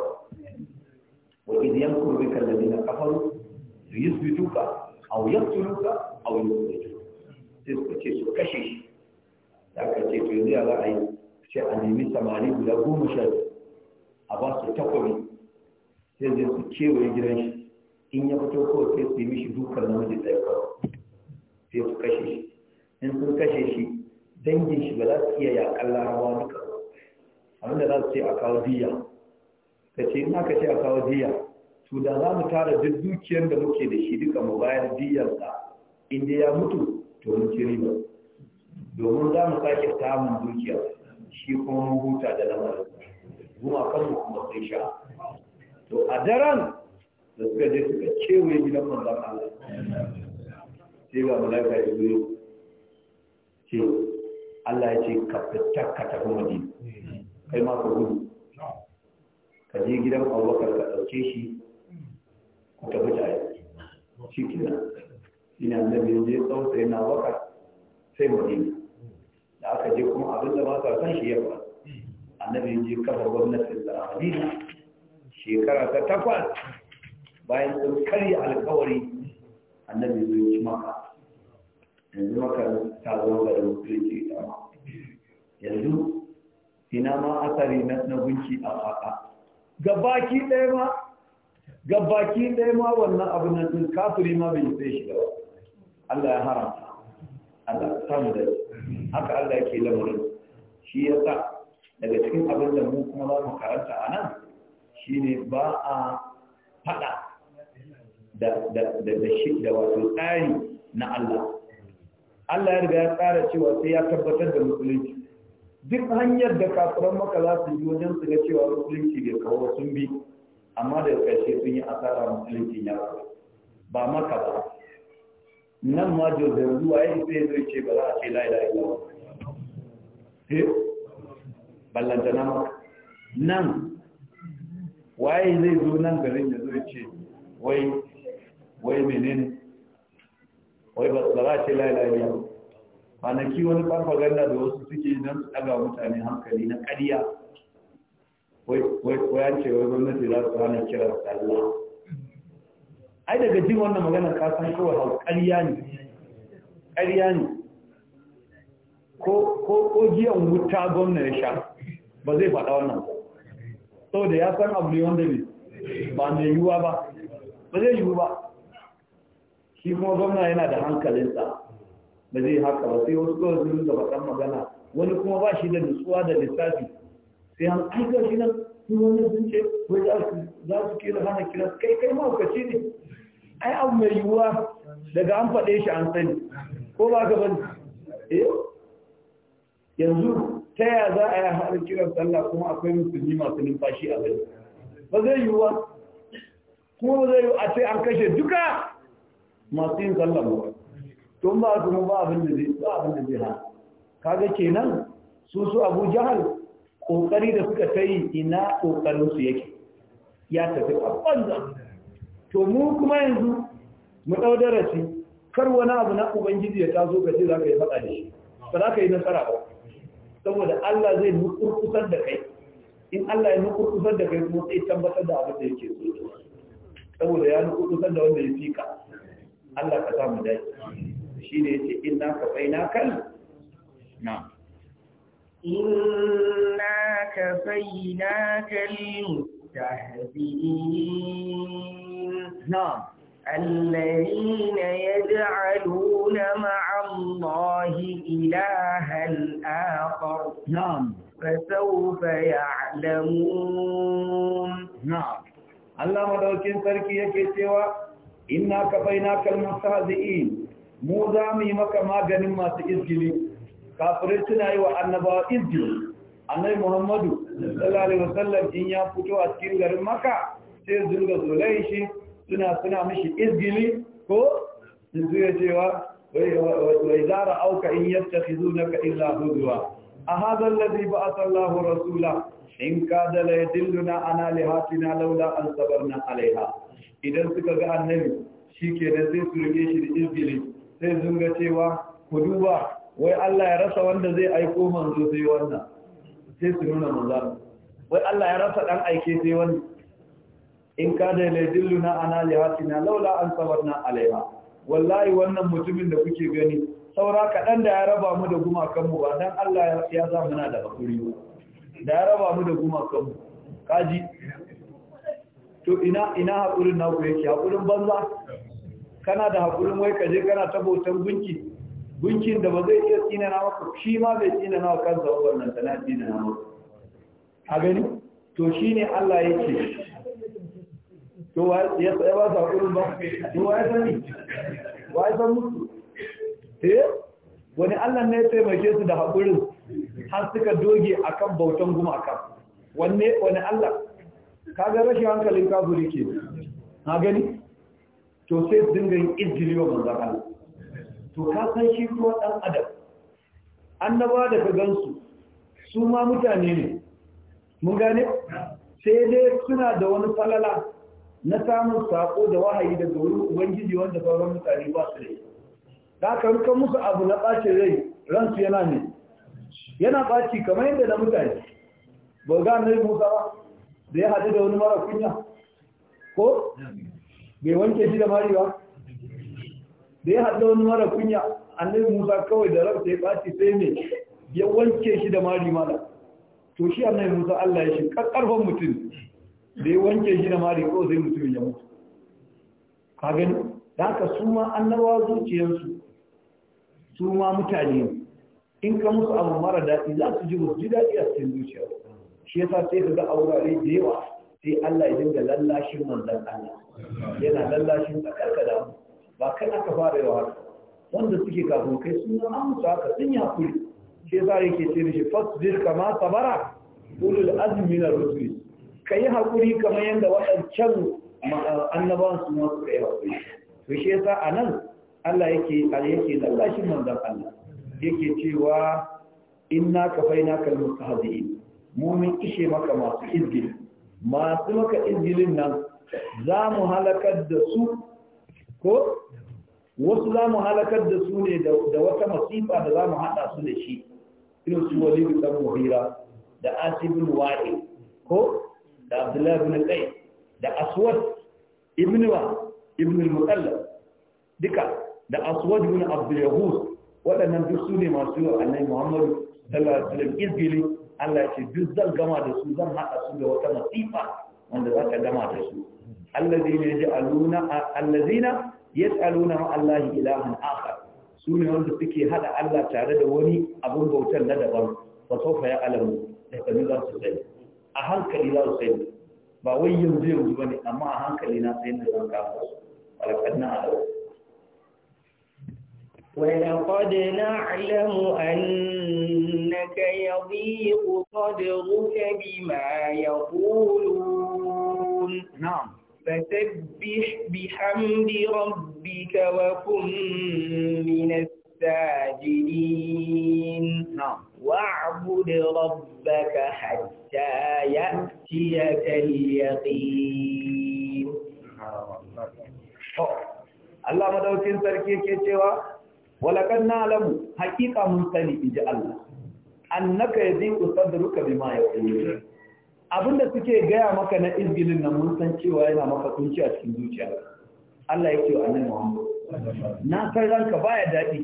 wa idiyan kurbi kallabi na kafaru su yi su yi tuka a wuyar tuluka a wuyar tuluka sai ce su kashe shi da aka ce to yanzu ya za a yi sai a nemi samari guda goma sha a ba su takwari sai zai su kewaye gidan shi in ya fito kawai sai su yi mishi dukkan namiji tsaye kawai sai su kashe shi in sun kashe shi dangin shi ba za su iya yakan larawa duka da za su ce a kawo diya ka ce in aka ce a kawo diya to da za mu tara duk dukiyar da muke da shi duka mu bayar diyar in inda ya mutu to mun ci riba domin za mu sake samun dukiya shi kuma mun huta da lamarin kuma mu kuma sai sha to a daren da suka je suka kewaye gidan manzan Allah sai ga malaka ya zo ce Allah ya ce ka fita ka tafi madina kai ma ka gudu ka je gidan abubakar ka dauke shi ku tafi tare shi kina ina da ya je tsawon sai na abubakar sai madina da aka je kuma abin da ba sa san shi yawa annabi ya je kafa gwamnatin da Madina shekara ta takwas bayan sun karya alkawari annabi zai ci maka yanzu maka ta zama da musulunci ma yanzu ina ma asari na gunki a haka gabaki ɗaya ma gabaki ɗaya ma wannan na sun kafiri ma bai sai shi da Allah ya haramta Allah samu da shi haka Allah ke lamarin shi ya sa daga cikin abin da mu kuma za mu karanta a nan shi ne ba a faɗa da shi da wato tsari na Allah Allah ya riga ya tsara cewa sai ya tabbatar da musulunci duk hanyar da kafiran maka za su yi wajen su ga cewa musulunci bai kawo sun bi amma daga ƙarshe sun yi asara musulunci ya ba maka ba nan ma da ruwa ya sai zai ce ba za a ce lai lai ba eh ballanta nan, maka nan waye zai zo nan garin ya zai ce wai wai menen? wai ba za a ce lai lai ba kwanaki wani farfaganda da wasu suke nan su ɗaga mutane hankali na ƙarya wai an ce wai gwamnati za su hana kiran sallah ai daga jin wannan magana kasan kawai hau ƙarya ne ƙarya ne ko jiyan wuta gwamna ya sha ba zai faɗa wannan so da ya san abu ne wanda ne ba mai yiwuwa ba ba zai yiwu ba shi kuma gwamna yana da hankalinsa ba zai haka ba sai wasu kawai sun gaba magana wani kuma ba shi da nutsuwa da lissafi sai an aika shi nan sun wani sun ce wai za su kira hana kira kai kai ma ne ai abu mai yiwuwa daga an faɗe shi an sani ko ba ka bani eh. yanzu ta yaya za a yi haɗa kiran sallah kuma akwai musulmi masu numfashi a gari ba zai yiwuwa kuma ba zai yiwu a sai an kashe duka masu yin sallah ba tun ba su ba abin da zai ba abin da zai ha kaga kenan su su abu jahal kokari da suka ta yi ina kokarin su yake ya tafi a banza to mu kuma yanzu mu ɗau darasi kar wani abu na ubangiji ya taso ka ce za ka yi faɗa da shi ba za ka yi nasara ba saboda Allah zai nukurkusar da kai in Allah ya nukurkusar da kai kuma sai tabbatar da abin da yake so saboda ya nukurkusar da wanda ya fika Allah ka samu dace shi ne in na ka faina kal na inna ka faina kal tahdini نعم الذين يجعلون مع الله إلها آخر نعم فسوف يعلمون نعم الله مدوكين na يكي سوى إنا كفيناك المستهزئين mu za mu yi maka maganin masu izgili kafirai suna yi wa annabawa muhammadu sallallahu alaihi wasallam in ya fito a cikin garin maka sai zunga zulai shi suna suna mishi izgili ko su ya cewa wai zara auka in yattakhizunaka illa huzwa ahadha alladhi ba'atha Allahu rasula in ka kada la yadilluna ana na laula an na alaiha idan suka ga annabi shi da sai su rike shi da izgili sai ga cewa ku duba wai Allah ya rasa wanda zai aiko manzo sai wannan sai su nuna manzo wai Allah ya rasa dan aike sai wannan in ka da laidilluna ana lihatina laula an sabarna alaiha wallahi wannan mutumin da kuke gani saura kaɗan da ya raba mu da mu ba dan Allah ya sa muna da hakuri da ya raba mu da mu kaji to ina ina hakurin naku yake hakurin banza kana da hakurin wai kaje kana ta bautan gunki gunkin da ba zai iya tsina na maka shi ma bai tsina na kansa wannan tana tsina na maka a gani to shine Allah yake to ya ba su haƙurin ba to wa ya sani wa ya san eh wani allah ne ya taimake su da haƙurin har suka doge a kan bautan gumaka wanne wani allah Ka ga rashin hankalin kafiri ke na gani to sai su dinga yin izini wa manzan allah to ka san shi kuma ɗan adam annaba da ka gansu su ma mutane ne mun gane sai dai suna da wani falala na samun sako da wahayi daga wurin ubangiji wanda sauran mutane ba su rai da ka rika musu abu na ɓacin rai ransu yana ne yana ɓaci kamar yadda na mutane ba ga nai musa ba da ya haɗu da wani mara kunya ko bai wanke shi da mari ba da ya haɗu da wani mara kunya annabi musa kawai da rabta ya ɓaci sai ne ya wanke shi da mari mana to shi annabi musa allah ya shi ƙarfan mutum da yi wanke shi da mari ko zai mutumin ya mutu ka gani da aka su ma annabawa zuciyarsu su mutane in ka musu abu mara daɗi za su ji musu ji daɗi a cikin zuciya shi yasa sai ka ga a wurare da yawa sai Allah ya dinga lallashin manzan Allah yana lallashin tsakarka da mu ba kai aka fara yawa haka wanda suke kafin kai sun zama musu haka sun yi hakuri sai yi yake ce da shi kama sabara ulul azmi na rusuli ka yi haƙuri kamar yadda waɗancan annabawan su masu da yi haƙuri to shi yasa a nan Allah yake yake lallashin manzon Allah yake cewa inna kafaina kal mustahzi'in mu mun ishe maka masu izgil masu maka izgilin nan za mu halakar da su ko wasu za mu halakar da su ne da wata masifa da za mu haɗa su da shi irin su walidu dan muhira da asibin wa'i ko da abdullahi ibn qais da aswad ibn wa ibn al duka da aswad ibn abdul yahud waɗannan duk su ne masu annabi muhammadu sallallahu alaihi wasallam izgili Allah ya ce duk zan gama da su zan haɗa su da wata masifa wanda za ka gama da su allazina yaj'aluna allazina yaj'aluna ma Allah ilahan akhar su ne wanda suke hada Allah tare da wani abun bautar na daban fa sofa ya alamu da kanu za su sani أهلك إلى الخير باوي أما أهلك إلى الخير نظام كافر ولكننا ولقد نعلم أنك يضيق صدرك بما يقولون نعم فسبح بحمد ربك وكن من الساجدين نعم واعبد ربك حتى يأتيك اليقين Allah madaukin sarki ke cewa walakan na'lamu hakika mun sani inji Allah annaka yadhiqu sadruka bima yaqulu abinda suke gaya maka na izgilin na mun san cewa yana maka kunci a cikin zuciya Allah yake wa annabi Muhammad na san ranka baya daɗi.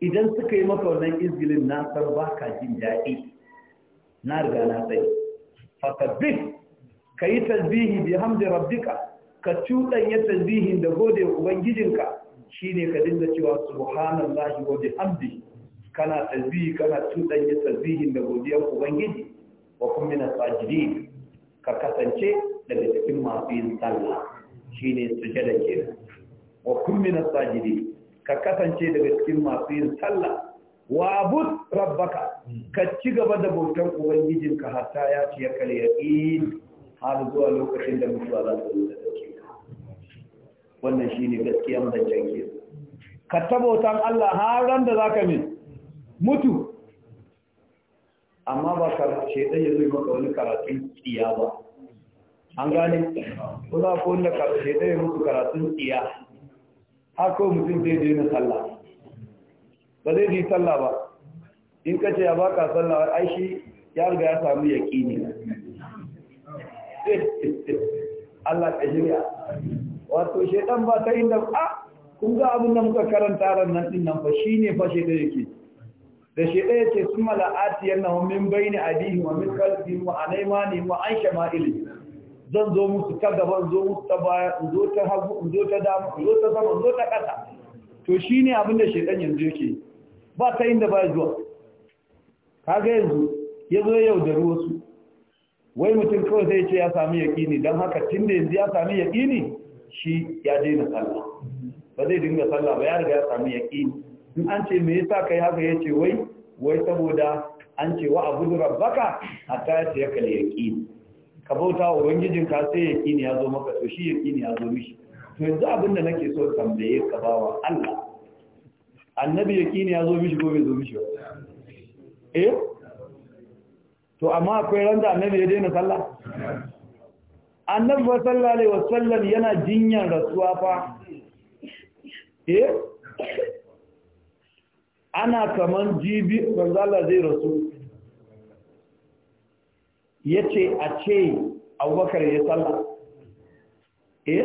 idan suka yi maka wannan izgilin na san ba ka jin daɗi na riga na tsaye fasabbih ka yi tasbihi bi hamdi rabbika ka cuɗanya tasbihin da gode ubangijinka shine ka dinga cewa subhanallahi wa bihamdi kana tasbihi kana cuɗanya tasbihin da godiyar ubangiji wa kuma na sajidin ka kasance daga cikin masu yin sallah shine sujada kenan wa kuma na sajidin ka kasance daga cikin masu yin sallah wa bud rabbaka ka ci gaba da bautan ubangijinka hatta ya ci ya kal yaqin har zuwa lokacin da mutuwa za ta zo da wannan shine gaskiya zancen ke ka tabautan Allah har ran da zaka min mutu amma ba ka dai ya ba ka wani karatu tsiya ba an gane ko za ko wanda ka shedan ya mutu karatun tsiya Hako mutum zai daina sallah ba zai yi sallah ba in ka ce ya baka sallah ai shi ya riga ya samu yaƙini Allah ka shirya wato shedan ba ta inda a ah, kun ga abin da muka karanta ran nan din nan fa shine fa shede yake da shede yake sun mala'ati yanna min baini adihi wa min qalbi wa anaymani wa an ma'ili zan zo musu ta gaba zo musu ta baya in zo ta hagu in zo ta dama in zo ta sama in zo ta ƙasa to shine abin da shedan yanzu yake ba ta inda ba zuwa kaga yanzu ya zo yau da wasu wai mutum kawai zai ce ya sami yaƙini don haka tun da yanzu ya sami yaƙini shi ya daina sallah ba zai dinga sallah ba ya riga ya sami yaƙini in an ce me yasa kai haka ya ce wai wai saboda an ce wa abu rabbaka hatta ya ce ya kalli yaƙini ka bauta wa ka, sai ne ya zo maka to shi ne ya zo mishi to yanzu abin da nake so tambaye ka bawa Allah annabi ne ya zo mishi ko bai zo mishi ba. eh to amma akwai randa annabi ya daina sallah annabi sallallahu alaihi wasallam yana jinyan rasuwa fa eh ana kaman jibi manzo Allah zai rasu ya ce a ce abubakar ya salla eh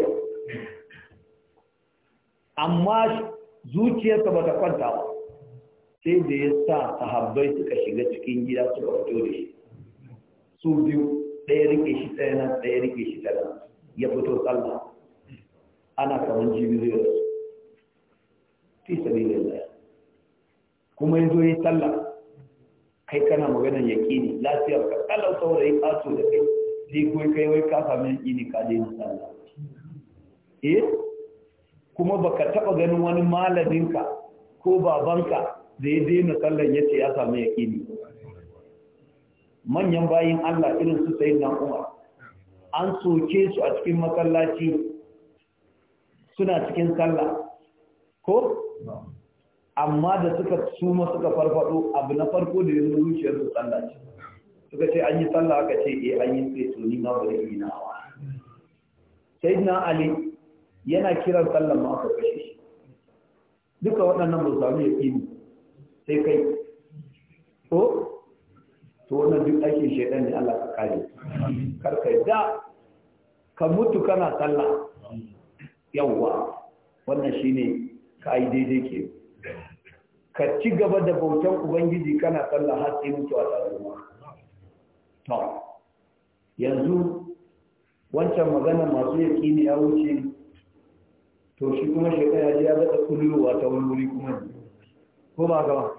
amma zuciyarsa ba ta kwanta ba sai da ya sa sahabbai suka shiga cikin gida suka fito da shi su biyu ɗaya rike shi ɗaya nan ɗaya rike shi ɗaya ya fito salla ana kaman jibiriyar su fi sabi da kuma ya zo ya sallah kai kana maganar yaƙini lafiyar ka kalau saurayi ato da kai sai kai kai wai ka samu yaƙini ka daina sallah eh kuma baka taɓa ganin wani malaminka ko babanka da ya daina yace ya ya samu yaƙini manyan bayin Allah irin su sai na umar an soke su a cikin masallaci suna cikin sallah ko amma da suka suma suka farfado abu na farko da yanzu shi su sallah ce suka ce an yi sallah aka ce eh an yi sai to ni na bari na wa na ali yana kiran sallan ma aka kashe shi duka waɗannan ba samu ni sai kai to to wannan duk aikin shaidan ne Allah ka kare kar kai da ka mutu kana sallah yawwa wannan shine ka ai daidai ke ka ci gaba da bautan ubangiji kana tsalla har sai a ta zo to yanzu wancan magana masu yaki ne ya wuce to shi kuma shekara ya ji ya zaɗa kullowa ta wani wuri kuma ko ba gaba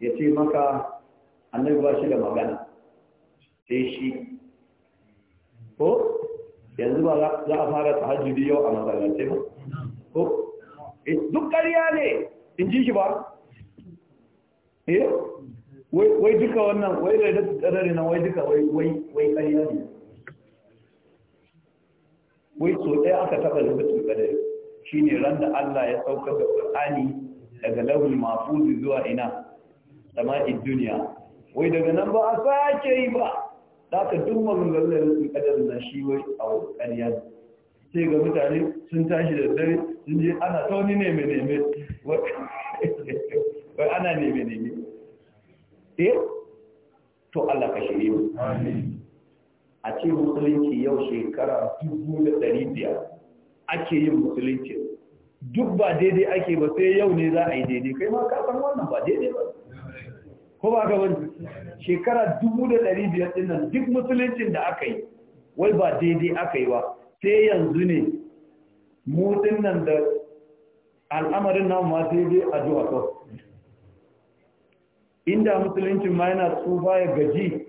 ya ce maka annabi ba shi da magana sai shi ko yanzu ba za a fara hajji yau a matsalar ba ko Eh, duk ƙarya ne in ji shi ba eh? wai duka wannan wai da tsarari na wai duka wai ƙarya ne wai so ɗaya aka taɓa lokacin ƙadari shi ne ran da Allah ya sauka da ƙur'ani daga launin mafuzi zuwa ina sama'in duniya wai daga nan ba a sake yi ba za ka duk maganganun da rufin ƙadar na shi wai a ƙarya ne sai ga mutane sun tashi da dare sun je ana tauni ne mai neme wai ana ne mai neme eh to Allah ka shirye mu a ce musulunci yau shekara dubu da biyar ake yin musulunci duk ba daidai ake ba sai yau ne za a yi daidai kai ma ka san wannan ba daidai ba ko ba ga wani shekara dubu da biyar nan duk musuluncin da aka yi wai ba daidai aka yi ba sai yanzu ne mutum nan da al'amarin nan ma sai dai zuwa ko inda musulunci ma yana tsufa ya gaji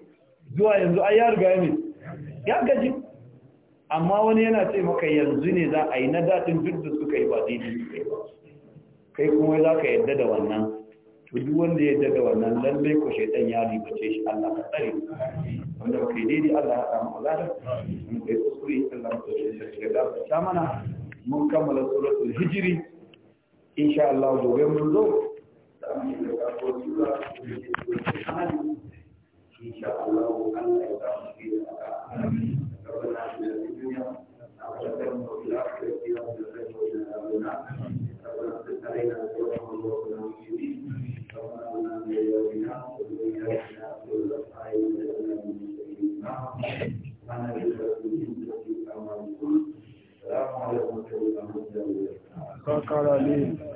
zuwa yanzu ai ya riga ne ya gaji amma wani yana ce maka yanzu ne za a yi na daɗin duk da suka yi ba daidai dai kai kuma za ka yadda da wannan to duk wanda ya daga wannan lalle ko shaitan ya ribace shi Allah ka tsare wanda kai daidai Allah ya samu azaba mun kai kuskure Allah ya tsare shi da ta mana mun kammala suratul hijri insha Allah gobe mun zo ذكر لي